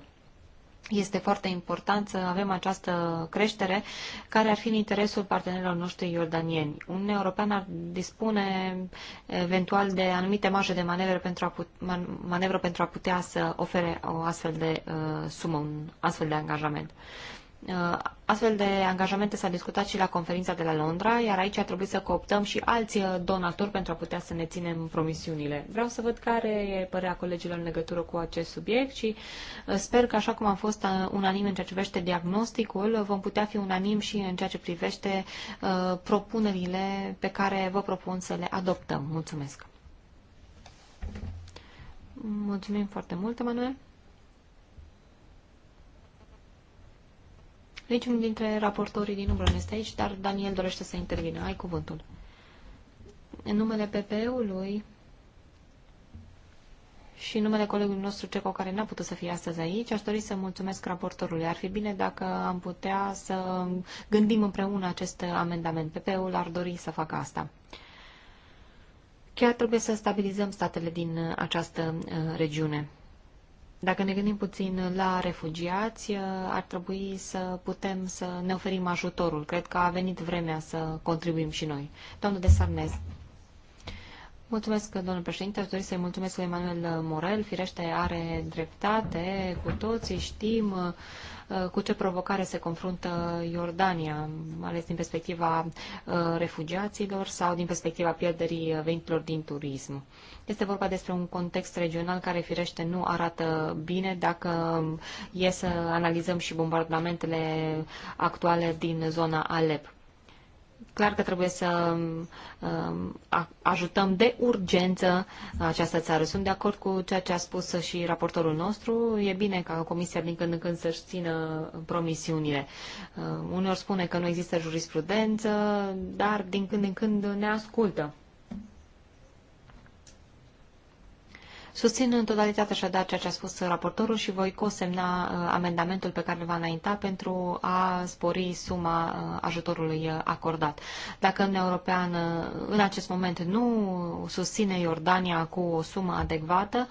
Este foarte important să avem această creștere care ar fi în interesul partenerilor noștri iordanieni. Uniunea Europeană ar dispune eventual de anumite marje de manevră pentru a, put, manevră pentru a putea să ofere o astfel de uh, sumă, un astfel de angajament. Uh, Uh, astfel de angajamente s-a discutat și la conferința de la Londra, iar aici a trebuit să cooptăm și alți uh, donatori pentru a putea să ne ținem promisiunile. Vreau să văd care e părerea colegilor în legătură cu acest subiect și uh, sper că așa cum am fost unanim în ceea ce privește diagnosticul, vom putea fi unanim și în ceea ce privește propunerile pe care vă propun să le adoptăm. Mulțumesc! Mulțumim foarte mult, Emanuel! Niciunul dintre raportorii din umbră nu este aici, dar Daniel dorește să intervină. Ai cuvântul. În numele PP-ului și în numele colegului nostru Ceco, care n-a putut să fie astăzi aici, aș dori să mulțumesc raportorului. Ar fi bine dacă am putea să gândim împreună acest amendament. PP-ul ar dori să facă asta. Chiar trebuie să stabilizăm statele din această uh, regiune. Dacă ne gândim puțin la refugiați, uh, ar trebui să putem să ne oferim ajutorul. Cred că a venit vremea să contribuim și noi. Domnul de Sarnez. Mulțumesc, domnule președinte. Aș dori să-i mulțumesc lui Emanuel Morel. Firește, are dreptate. Cu toții știm uh, cu ce provocare se confruntă Iordania, ales din perspectiva uh, refugiaților sau din perspectiva pierderii veniturilor din turism. Este vorba despre un context regional care, firește, nu arată bine dacă e să analizăm și bombardamentele actuale din zona Alep clar că trebuie să um, ajutăm de urgență această țară. Sunt de acord cu ceea ce a spus și raportorul nostru. E bine ca Comisia din când în când să-și țină promisiunile. Um, uneori spune că nu există jurisprudență, dar din când în când ne ascultă. Susțin în totalitate așadar ceea ce a spus raportorul și voi cosemna uh, amendamentul pe care îl va înainta pentru a spori suma uh, ajutorului acordat. Dacă Uniunea Europeană uh, în acest moment nu susține Iordania cu o sumă adecvată,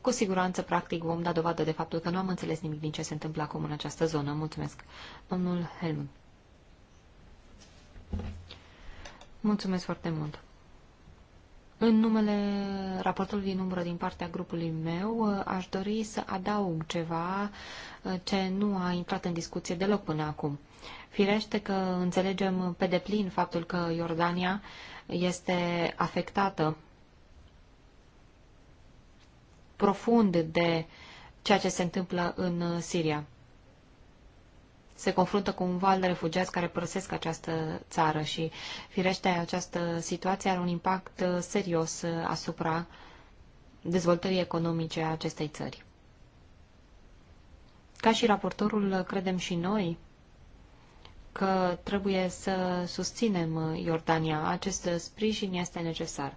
cu siguranță, practic, vom da dovadă de faptul că nu am înțeles nimic din ce se întâmplă acum în această zonă. Mulțumesc, domnul Helm. Mulțumesc foarte mult. În numele raportului din umbră din partea grupului meu, aș dori să adaug ceva uh, ce nu a intrat în discuție deloc până acum. Firește că înțelegem pe deplin faptul că Iordania este afectată profund de ceea ce se întâmplă în Siria se confruntă cu un val de refugiați care părăsesc această țară și, firește, această situație are un impact uh, serios uh, asupra dezvoltării economice a acestei țări. Ca și raportorul, uh, credem și noi că trebuie să susținem Iordania. Acest sprijin este necesar.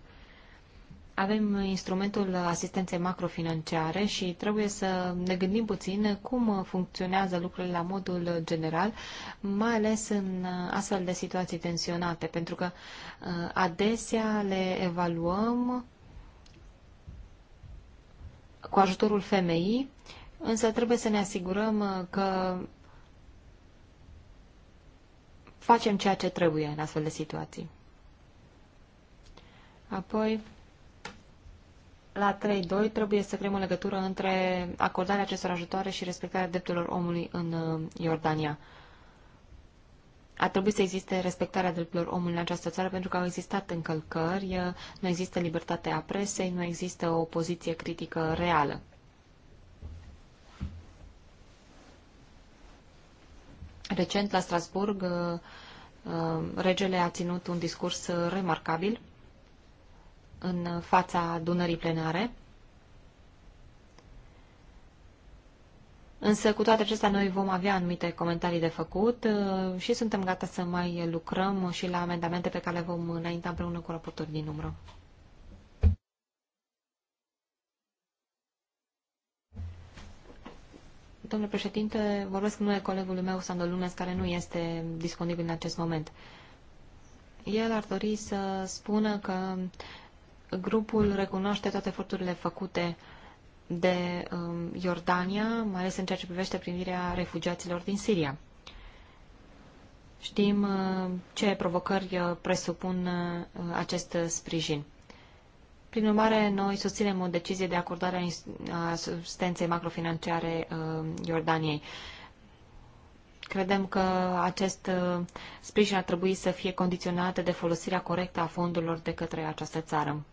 Avem instrumentul asistenței macrofinanciare și trebuie să ne gândim puțin cum funcționează lucrurile la modul general, mai ales în astfel de situații tensionate, pentru că uh, adesea le evaluăm cu ajutorul femeii, însă trebuie să ne asigurăm că facem ceea ce trebuie în astfel de situații. Apoi, la 3.2 trebuie să creăm o legătură între acordarea acestor ajutoare și respectarea drepturilor omului în uh, Iordania. Ar trebui să existe respectarea drepturilor omului în această țară pentru că au existat încălcări, uh, nu există libertatea presei, nu există o poziție critică reală. Recent, la Strasburg, uh, regele a ținut un discurs remarcabil în fața adunării plenare. Însă, cu toate acestea, noi vom avea anumite comentarii de făcut uh, și suntem gata să mai lucrăm și la amendamente pe care le vom înainta împreună cu raportori din umbră. Domnule președinte, vorbesc în numele colegului meu, Sandu Lunes, care nu este disponibil în acest moment. El ar dori să spună că Grupul recunoaște toate eforturile făcute de um, Iordania, mai ales în ceea ce privește primirea refugiaților din Siria. Știm uh, ce provocări uh, presupun uh, acest sprijin. Prin urmare, noi susținem o decizie de acordare a asistenței macrofinanciare Iordaniei. Credem că acest sprijin ar trebui să fie condiționat de folosirea corectă a fondurilor de către această țară.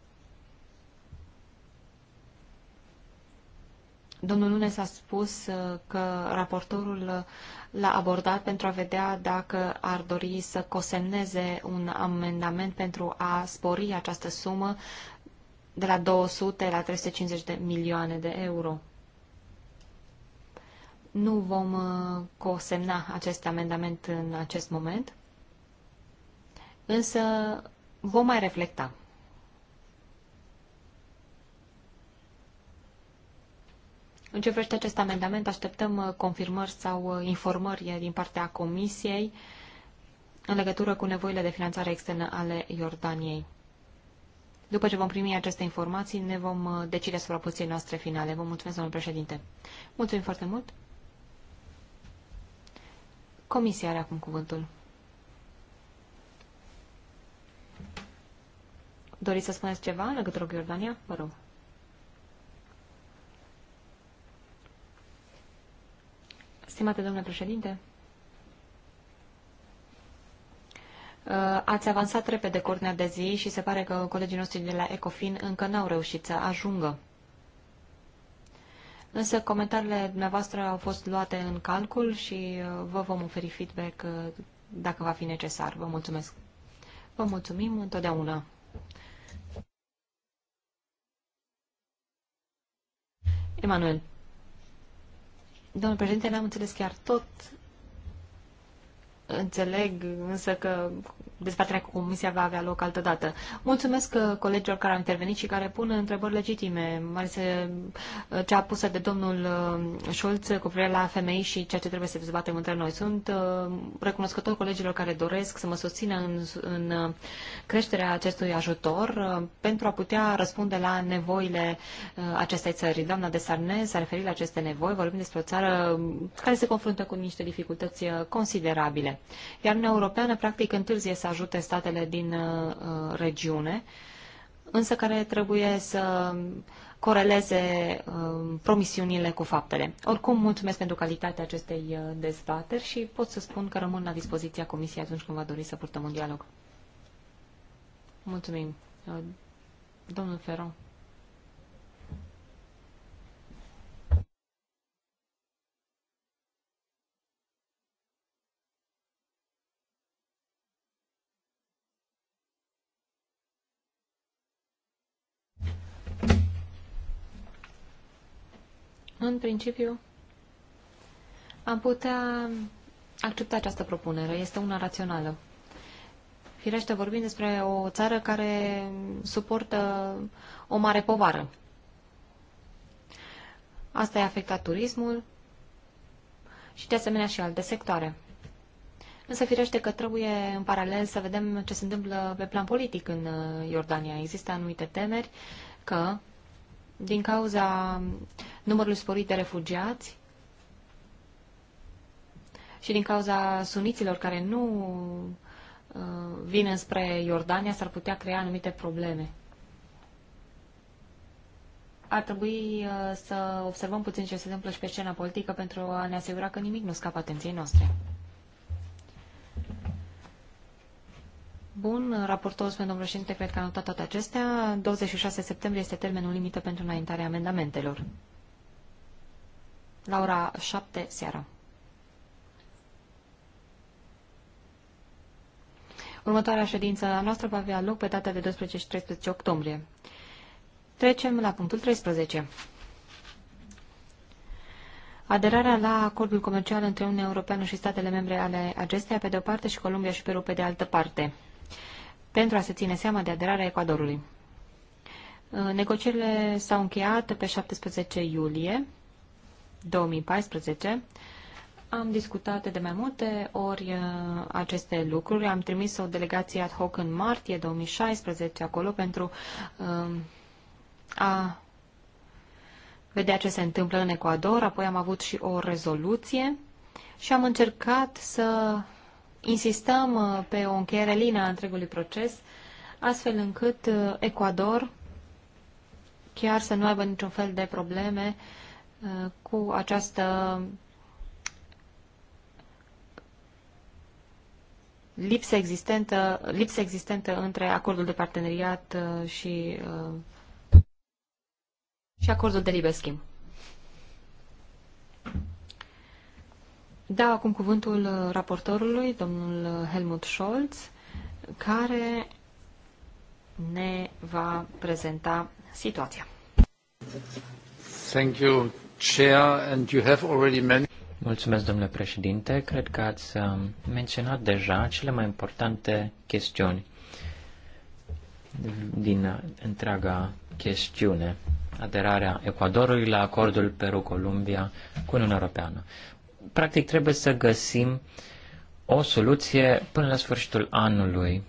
Domnul Nunes a spus uh, că raportorul uh, l-a abordat pentru a vedea dacă ar dori să cosemneze un amendament pentru a spori această sumă de la 200 la 350 de milioane de euro. Nu vom uh, cosemna acest amendament în acest moment, însă vom mai reflecta. În ce privește acest amendament, așteptăm uh, confirmări sau uh, informări uh, din partea Comisiei în legătură cu nevoile de finanțare externă ale Iordaniei. După ce vom primi aceste informații, ne vom decide asupra poziției noastre finale. Vă mulțumesc, domnul președinte. Mulțumim foarte mult. Comisia are acum cuvântul. Doriți să spuneți ceva în legătură cu Iordania? Vă rog. Stimate domnule președinte, ați avansat repede cornea de zi și se pare că colegii noștri de la Ecofin încă n-au reușit să ajungă. Însă comentariile dumneavoastră au fost luate în calcul și uh, vă vom oferi feedback uh, dacă va fi necesar. Vă mulțumesc. Vă mulțumim întotdeauna. Emanuel. Domnul președinte, n-am înțeles chiar tot. Înțeleg însă că dezbaterea cu Comisia va avea loc altă dată. Mulțumesc uh, colegilor care au intervenit și care pun întrebări legitime, mai ales uh, cea pusă de domnul Șolț uh, cu privire la femei și ceea ce trebuie să dezbatem între noi. Sunt recunoscător colegilor care doresc să mă susțină în, în creșterea acestui ajutor pentru a putea răspunde la nevoile acestei țări. Doamna de Sarne s-a referit la aceste nevoi, vorbim despre o țară care se confruntă cu niște dificultăți considerabile. Iar Uniunea Europeană, practic, întârzie să ajute statele din uh, uh, regiune, însă care trebuie să coreleze um, promisiunile cu faptele. Oricum, mulțumesc pentru calitatea acestei uh, dezbateri și pot să spun că rămân la dispoziția Comisiei atunci când va dori să purtăm un dialog. Mulțumim. Domnul Ferro. În principiu, am putea accepta această propunere. Este una rațională. Firește, vorbim despre o țară care suportă o mare povară. Asta i-a afectat turismul și, de asemenea, și alte sectoare. Însă firește că trebuie în paralel să vedem ce se întâmplă pe plan politic în uh, Iordania. Există anumite temeri că din cauza numărului sporit de refugiați și din cauza suniților care nu uh, vin înspre Iordania, s-ar putea crea anumite probleme. Ar trebui uh, să observăm puțin ce se întâmplă și pe scena politică pentru a ne asigura că nimic nu scapă atenției noastre. Bun, raportorul spune, domnul președinte, cred că a notat toate acestea. 26 septembrie este termenul limită pentru înaintarea amendamentelor. La ora 7 seara. Următoarea ședință a noastră va avea loc pe data de 12 și 13 octombrie. Trecem la punctul 13. Aderarea la acordul comercial între Uniunea Europeană și statele membre ale acesteia, pe de o parte, și Columbia și Peru, pe de altă parte pentru a se ține seama de aderarea Ecuadorului. Uh, negocierile s-au încheiat pe 17 iulie 2014. Am discutat de mai multe ori uh, aceste lucruri. Am trimis o delegație ad hoc în martie 2016 acolo pentru uh, a vedea ce se întâmplă în Ecuador. Apoi am avut și o rezoluție și am încercat să insistăm uh, pe o încheiere lină a întregului proces, astfel încât uh, Ecuador chiar să nu aibă niciun fel de probleme uh, cu această lipsă existentă, lipsă existentă între acordul de parteneriat și, și acordul de liber schimb. Da, acum cuvântul uh, raportorului, domnul uh, Helmut Scholz, care ne va prezenta situația.
Thank you, Chair, and you have already mentioned... Mulțumesc, domnule președinte. Cred că ați uh, menționat deja cele mai importante chestiuni din întreaga chestiune. Aderarea Ecuadorului la acordul Peru-Columbia cu Uniunea Europeană practic trebuie să găsim o soluție până la sfârșitul anului.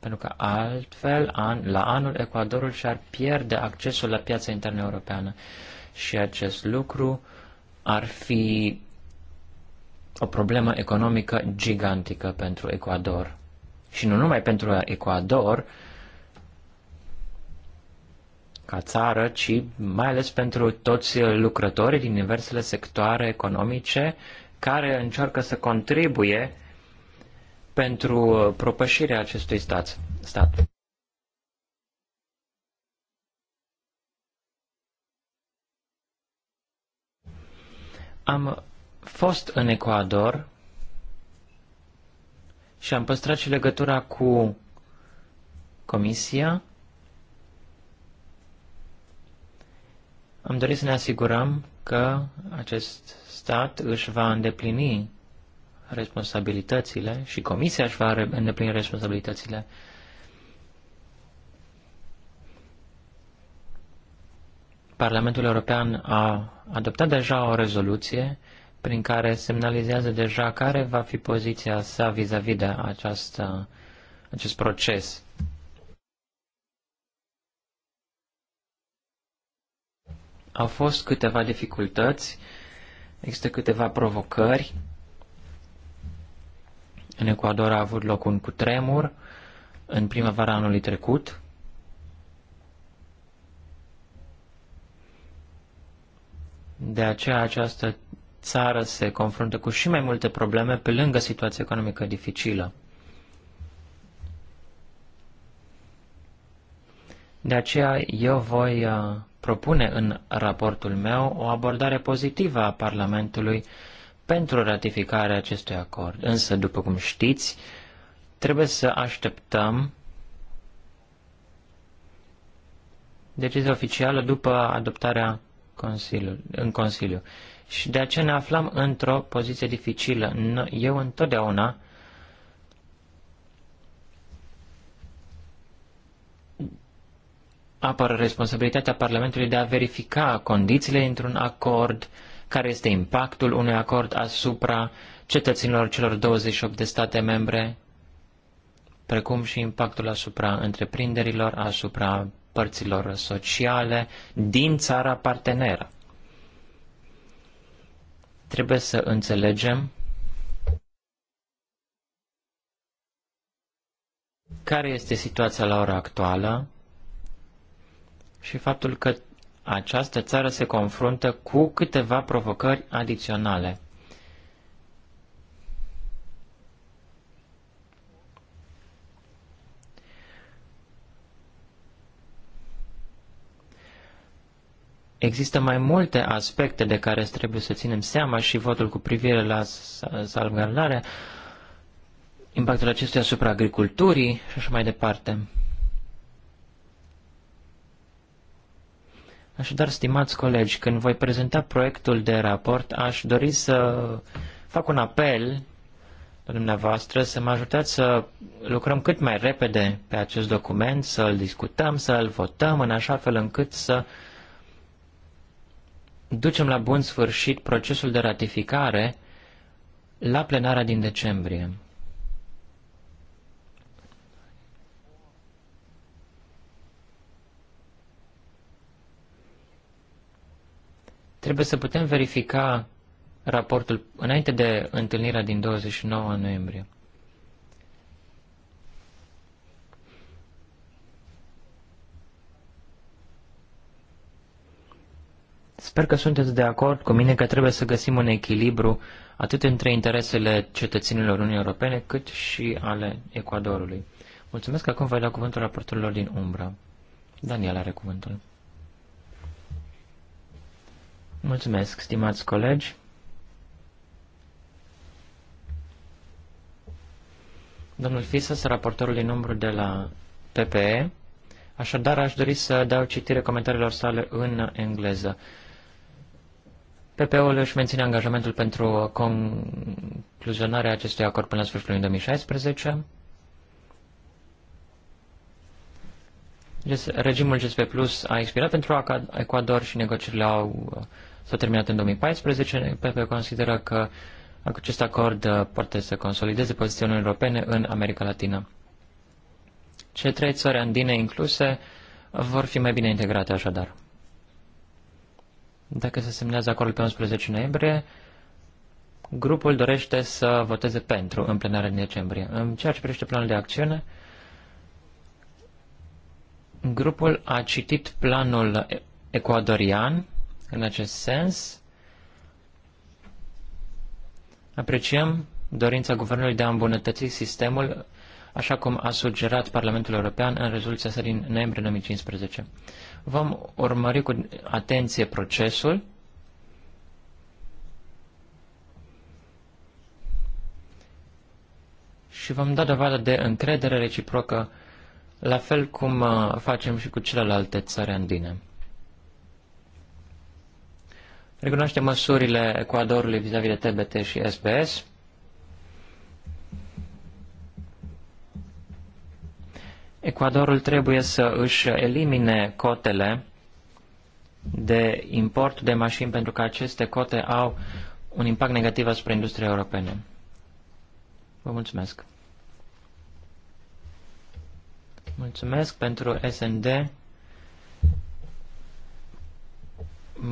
Pentru că altfel, an, la anul, Ecuadorul și-ar pierde accesul la piața internă europeană. Și acest lucru ar fi o problemă economică gigantică pentru Ecuador. Și nu numai pentru Ecuador, ca țară, ci mai ales pentru toți lucrătorii din diversele sectoare economice care încearcă să contribuie pentru propășirea acestui stat. stat. Am fost în Ecuador și am păstrat și legătura cu Comisia Am dorit să ne asigurăm că acest stat își va îndeplini responsabilitățile și Comisia își va îndeplini responsabilitățile. Parlamentul European a adoptat deja o rezoluție prin care semnalizează deja care va fi poziția sa vis-a-vis -vis de această, acest proces. Au fost câteva dificultăți, există câteva provocări. În Ecuador a avut loc un cutremur în primăvara anului trecut. De aceea această țară se confruntă cu și mai multe probleme pe lângă situația economică dificilă. De aceea eu voi uh, propune în raportul meu o abordare pozitivă a Parlamentului pentru ratificarea acestui acord. Însă, după cum știți, trebuie să așteptăm decizia oficială după adoptarea în Consiliu. Și de aceea ne aflăm într-o poziție dificilă. Eu întotdeauna apără responsabilitatea Parlamentului de a verifica condițiile într-un acord, care este impactul unui acord asupra cetățenilor celor 28 de state membre, precum și impactul asupra întreprinderilor, asupra părților sociale din țara parteneră. Trebuie să înțelegem care este situația la ora actuală și faptul că această țară se confruntă cu câteva provocări adiționale. Există mai multe aspecte de care trebuie să ținem seama și votul cu privire la salvgardare, impactul acestuia asupra agriculturii și așa mai departe. Așadar, stimați colegi, când voi prezenta proiectul de raport, aș dori să fac un apel la dumneavoastră să mă ajutați să lucrăm cât mai repede pe acest document, să-l discutăm, să-l votăm, în așa fel încât să ducem la bun sfârșit procesul de ratificare la plenara din decembrie. Trebuie să putem verifica raportul înainte de întâlnirea din 29 noiembrie. Sper că sunteți de acord cu mine că trebuie să găsim un echilibru atât între interesele cetățenilor Uniunii Europene cât și ale Ecuadorului. Mulțumesc că acum voi da cuvântul raportorilor din umbra. Daniel are cuvântul. Mulțumesc, stimați colegi. Domnul Fisas, raportorul din numărul de la PPE, așadar aș dori să dau citire comentariilor sale în engleză. PPO-ul își menține angajamentul pentru concluzionarea acestui acord până la sfârșitul 2016. Deci, regimul GSP Plus a expirat pentru Ecuador și negocierile au s-a terminat în 2014. PP consideră că acest acord uh, poate să consolideze poziția Uniunii Europene în America Latină. Cele trei țări andine incluse vor fi mai bine integrate așadar. Dacă se semnează acordul pe 11 noiembrie, grupul dorește să voteze pentru în plenare din decembrie. În ceea ce privește planul de acțiune, grupul a citit planul ecuadorian în acest sens, apreciem dorința Guvernului de a îmbunătăți sistemul, așa cum a sugerat Parlamentul European în rezoluția sa din noiembrie 2015. Vom urmări cu atenție procesul și vom da dovadă de încredere reciprocă, la fel cum uh, facem și cu celelalte țări andine. Recunoaște măsurile Ecuadorului vis-a-vis -vis de TBT și SBS. Ecuadorul trebuie să își elimine cotele de import de mașini pentru că aceste cote au un impact negativ asupra industriei europene. Vă mulțumesc. Mulțumesc pentru SND.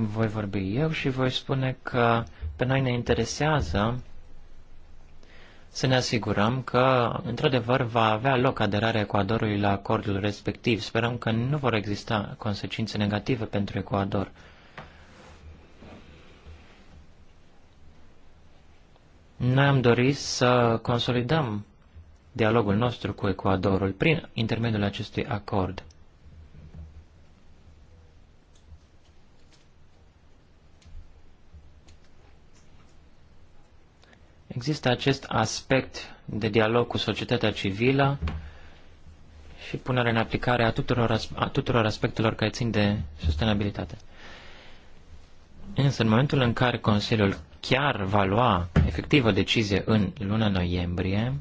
voi vorbi eu și voi spune că pe noi ne interesează să ne asigurăm că, într-adevăr, va avea loc aderarea Ecuadorului la acordul respectiv. Sperăm că nu vor exista consecințe negative pentru Ecuador. Noi am dorit să consolidăm dialogul nostru cu Ecuadorul prin intermediul acestui acord. Există acest aspect de dialog cu societatea civilă și punere în aplicare a tuturor, a tuturor aspectelor care țin de sustenabilitate. Însă, în momentul în care Consiliul chiar va lua efectiv o decizie în luna noiembrie,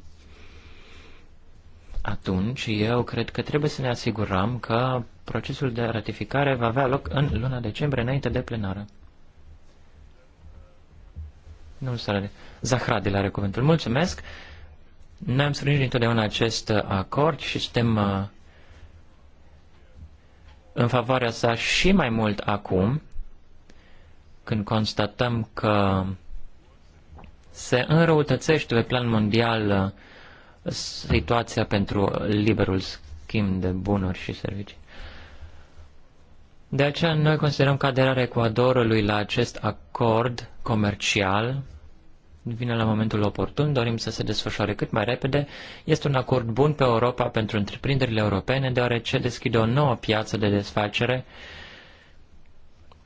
atunci eu cred că trebuie să ne asigurăm că procesul de ratificare va avea loc în luna decembrie, înainte de plenară. Domnul Salade, Zahradil are cuvântul. Mulțumesc! Noi am sprijinit întotdeauna acest acord și suntem uh, în favoarea sa și mai mult acum, când constatăm că se înrăutățește pe plan mondial uh, situația pentru liberul schimb de bunuri și servicii. De aceea noi considerăm că aderarea Ecuadorului la acest acord comercial vine la momentul oportun, dorim să se desfășoare cât mai repede. Este un acord bun pe Europa pentru întreprinderile europene, deoarece deschide o nouă piață de desfacere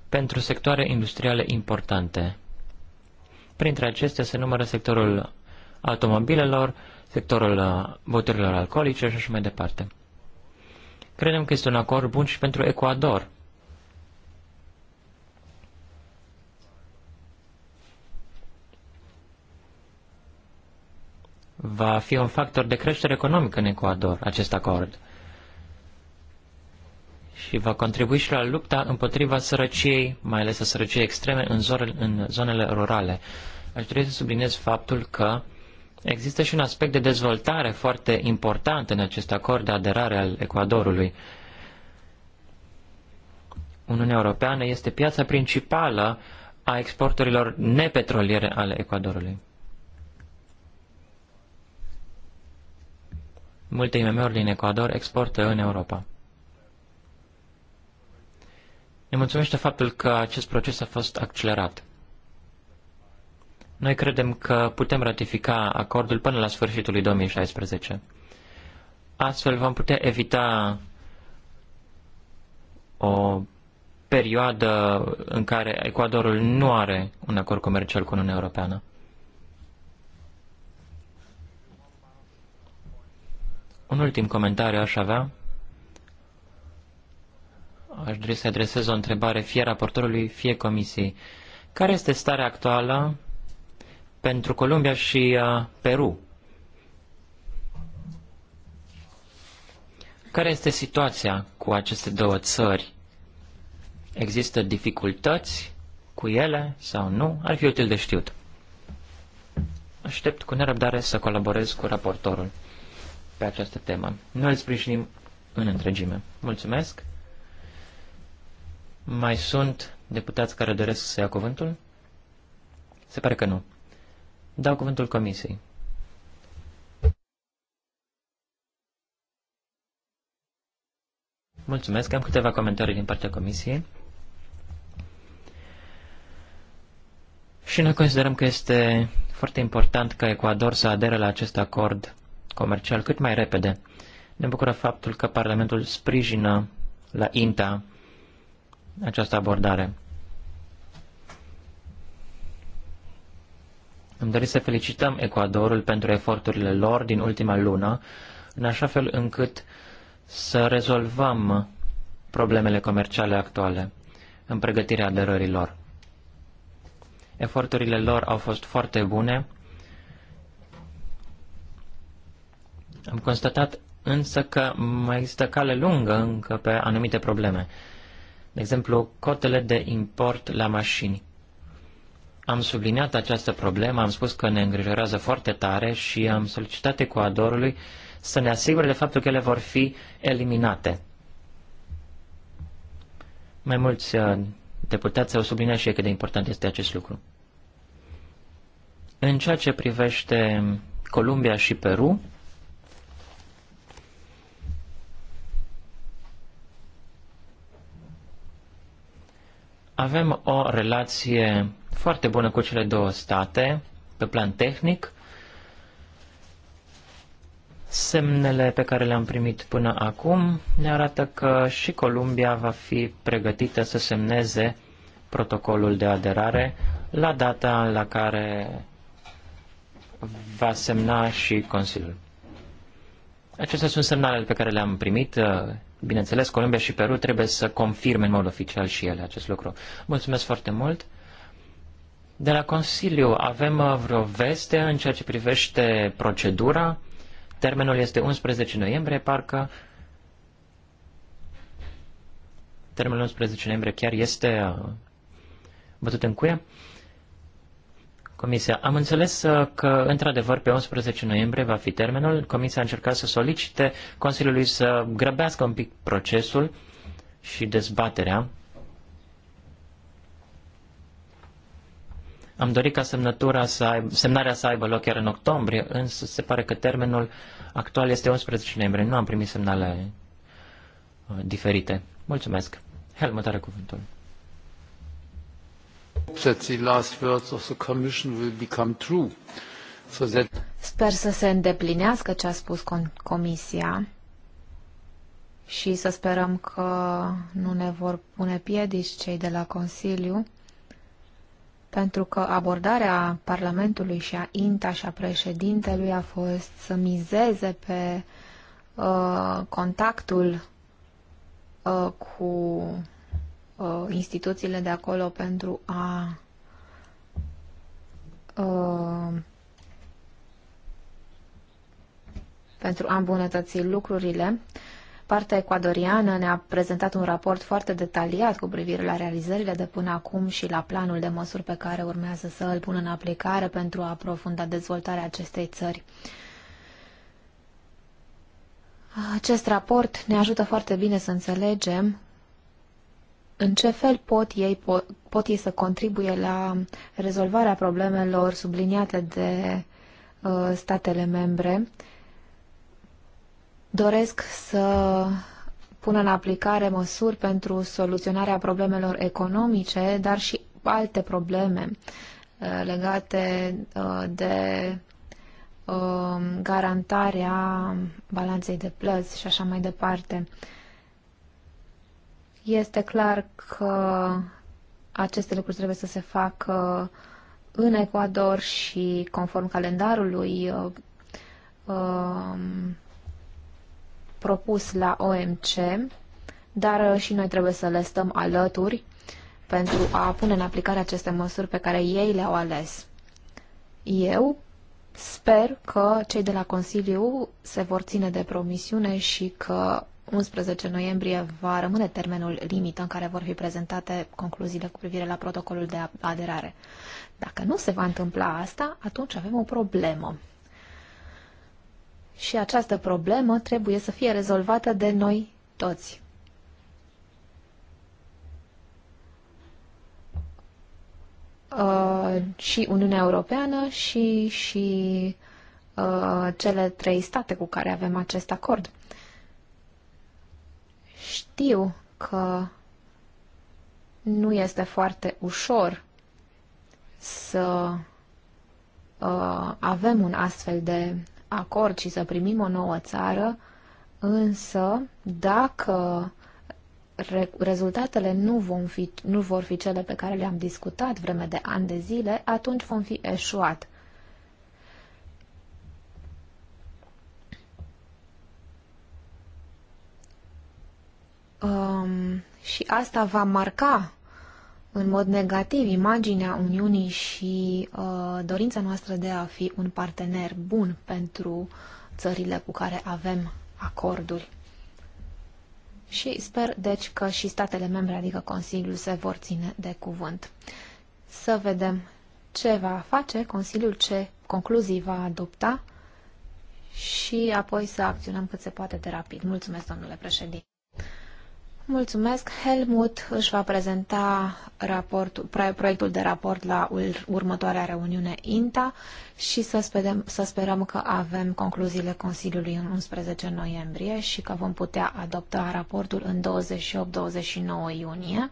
pentru sectoare industriale importante. Printre acestea se numără sectorul automobilelor, sectorul uh, băuturilor alcoolice și așa mai departe. Credem că este un acord bun și pentru Ecuador, va fi un factor de creștere economică în Ecuador, acest acord. Și va contribui și la lupta împotriva sărăciei, mai ales a sărăciei extreme în zonele, în zonele rurale. Aș dori să subliniez faptul că există și un aspect de dezvoltare foarte important în acest acord de aderare al Ecuadorului. Uniunea Europeană este piața principală a exporturilor nepetroliere ale Ecuadorului. Multe IMM-uri din Ecuador exportă în Europa. Ne mulțumește faptul că acest proces a fost accelerat. Noi credem că putem ratifica acordul până la sfârșitul lui 2016. Astfel vom putea evita o perioadă în care Ecuadorul nu are un acord comercial cu Uniunea Europeană. Un ultim comentariu aș avea. Aș dori să adresez o întrebare fie raportorului, fie comisiei. Care este starea actuală pentru Columbia și uh, Peru? Care este situația cu aceste două țări? Există dificultăți cu ele sau nu? Ar fi util de știut. Aștept cu nerăbdare să colaborez cu raportorul pe această temă. Noi îl sprijinim în întregime. Mulțumesc! Mai sunt deputați care doresc să ia cuvântul? Se pare că nu. Dau cuvântul comisiei. Mulțumesc. Am câteva comentarii din partea comisiei. Și noi considerăm că este foarte important ca Ecuador să adere la acest acord comercial cât mai repede. Ne bucură faptul că Parlamentul sprijină la INTA această abordare. Îmi doresc să felicităm Ecuadorul pentru eforturile lor din ultima lună, în așa fel încât să rezolvăm problemele comerciale actuale în pregătirea aderării lor. Eforturile lor au fost foarte bune Am constatat însă că mai există cale lungă încă pe anumite probleme. De exemplu, cotele de import la mașini. Am subliniat această problemă, am spus că ne îngrijorează foarte tare și am solicitat Ecuadorului să ne asigure de faptul că ele vor fi eliminate. Mai mulți uh, deputați au subliniat și ei cât de important este acest lucru. În ceea ce privește Columbia și Peru, Avem o relație foarte bună cu cele două state, pe plan tehnic. Semnele pe care le-am primit până acum ne arată că și Columbia va fi pregătită să semneze protocolul de aderare la data la care va semna și Consiliul. Acestea sunt semnalele pe care le-am primit uh, Bineînțeles, Columbia și Peru trebuie să confirme în mod oficial și ele acest lucru. Mulțumesc foarte mult! De la Consiliu avem uh, vreo veste în ceea ce privește procedura. Termenul este 11 noiembrie, parcă. Termenul 11 noiembrie chiar este uh, bătut în cuie. Comisia. Am înțeles uh, că, într-adevăr, pe 11 noiembrie va fi termenul. Comisia a încercat să solicite Consiliului să grăbească un pic procesul și dezbaterea. Am dorit ca semnătura să aibă, semnarea să aibă loc chiar în octombrie, însă se pare că termenul actual este 11 noiembrie. Nu am primit semnale uh, diferite. Mulțumesc. Helmut are cuvântul.
Sper să se îndeplinească ce a spus Comisia și să sperăm că nu ne vor pune piedici cei de la Consiliu, pentru că abordarea Parlamentului și a INTA și a președintelui a fost să mizeze pe uh, contactul uh, cu uh, instituțiile de acolo pentru a uh, pentru a îmbunătăți lucrurile. Partea ecuadoriană ne-a prezentat un raport foarte detaliat cu privire la realizările de până acum și la planul de măsuri pe care urmează să îl pună în aplicare pentru a aprofunda dezvoltarea acestei țări. Acest raport ne ajută foarte bine să înțelegem în ce fel pot ei, pot, pot ei să contribuie la rezolvarea problemelor subliniate de uh, statele membre. Doresc să pună în aplicare măsuri pentru soluționarea problemelor economice, dar și alte probleme uh, legate uh, de uh, garantarea balanței de plăți și așa mai departe. Este clar că aceste lucruri trebuie să se facă în Ecuador și conform calendarului uh, um, propus la OMC, dar uh, și noi trebuie să le stăm alături pentru a pune în aplicare aceste măsuri pe care ei le-au ales. Eu sper că cei de la Consiliu se vor ține de promisiune și că 11 noiembrie va rămâne termenul limită în care vor fi prezentate concluziile cu privire la protocolul de aderare. Dacă nu se va întâmpla asta, atunci avem o problemă. Și această problemă trebuie să fie rezolvată de noi toți. Uh, și Uniunea Europeană și, și uh, cele trei state cu care avem acest acord. Știu că nu este foarte ușor să uh, avem un astfel de acord și să primim o nouă țară, însă dacă re- rezultatele nu, vom fi, nu vor fi cele pe care le-am discutat vreme de ani de zile, atunci vom fi eșuat. um, și asta va marca în mod negativ imaginea Uniunii și uh, dorința noastră de a fi un partener bun pentru țările cu care avem acorduri. Și sper, deci, că și statele membre, adică Consiliul, se vor ține de cuvânt. Să vedem ce va face Consiliul, ce concluzii va adopta și apoi să acționăm cât se poate de rapid. Mulțumesc, domnule președinte. Mulțumesc. Helmut își va prezenta raportul, proiectul de raport la următoarea reuniune INTA și să, sperăm, să sperăm că avem concluziile Consiliului în 11 noiembrie și că vom putea adopta raportul în 28-29 iunie,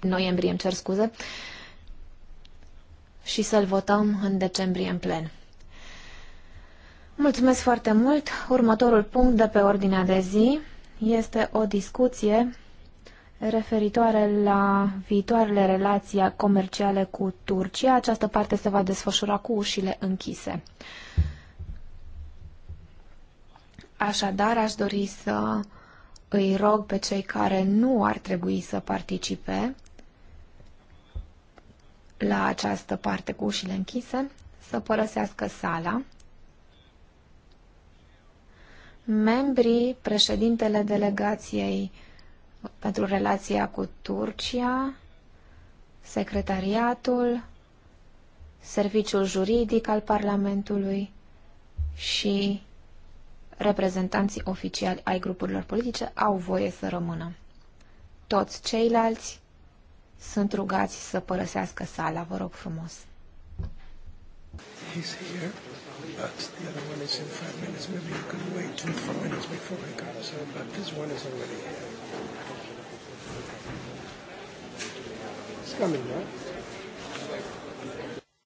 noiembrie, îmi cer scuze, și să-l votăm în decembrie în plen. Mulțumesc foarte mult. Următorul punct de pe ordinea de zi este o discuție referitoare la viitoarele relații comerciale cu Turcia. Această parte se va desfășura cu ușile închise. Așadar, aș dori să îi rog pe cei care nu ar trebui să participe la această parte cu ușile închise să părăsească sala membrii, președintele delegației pentru relația cu Turcia, secretariatul, serviciul juridic al Parlamentului și reprezentanții oficiali ai grupurilor politice au voie să rămână. Toți ceilalți sunt rugați să părăsească sala, vă rog frumos.
He's here, but the other one is in five minutes. Maybe you could wait two, four minutes before he comes in, but this one is already here.
He's coming right?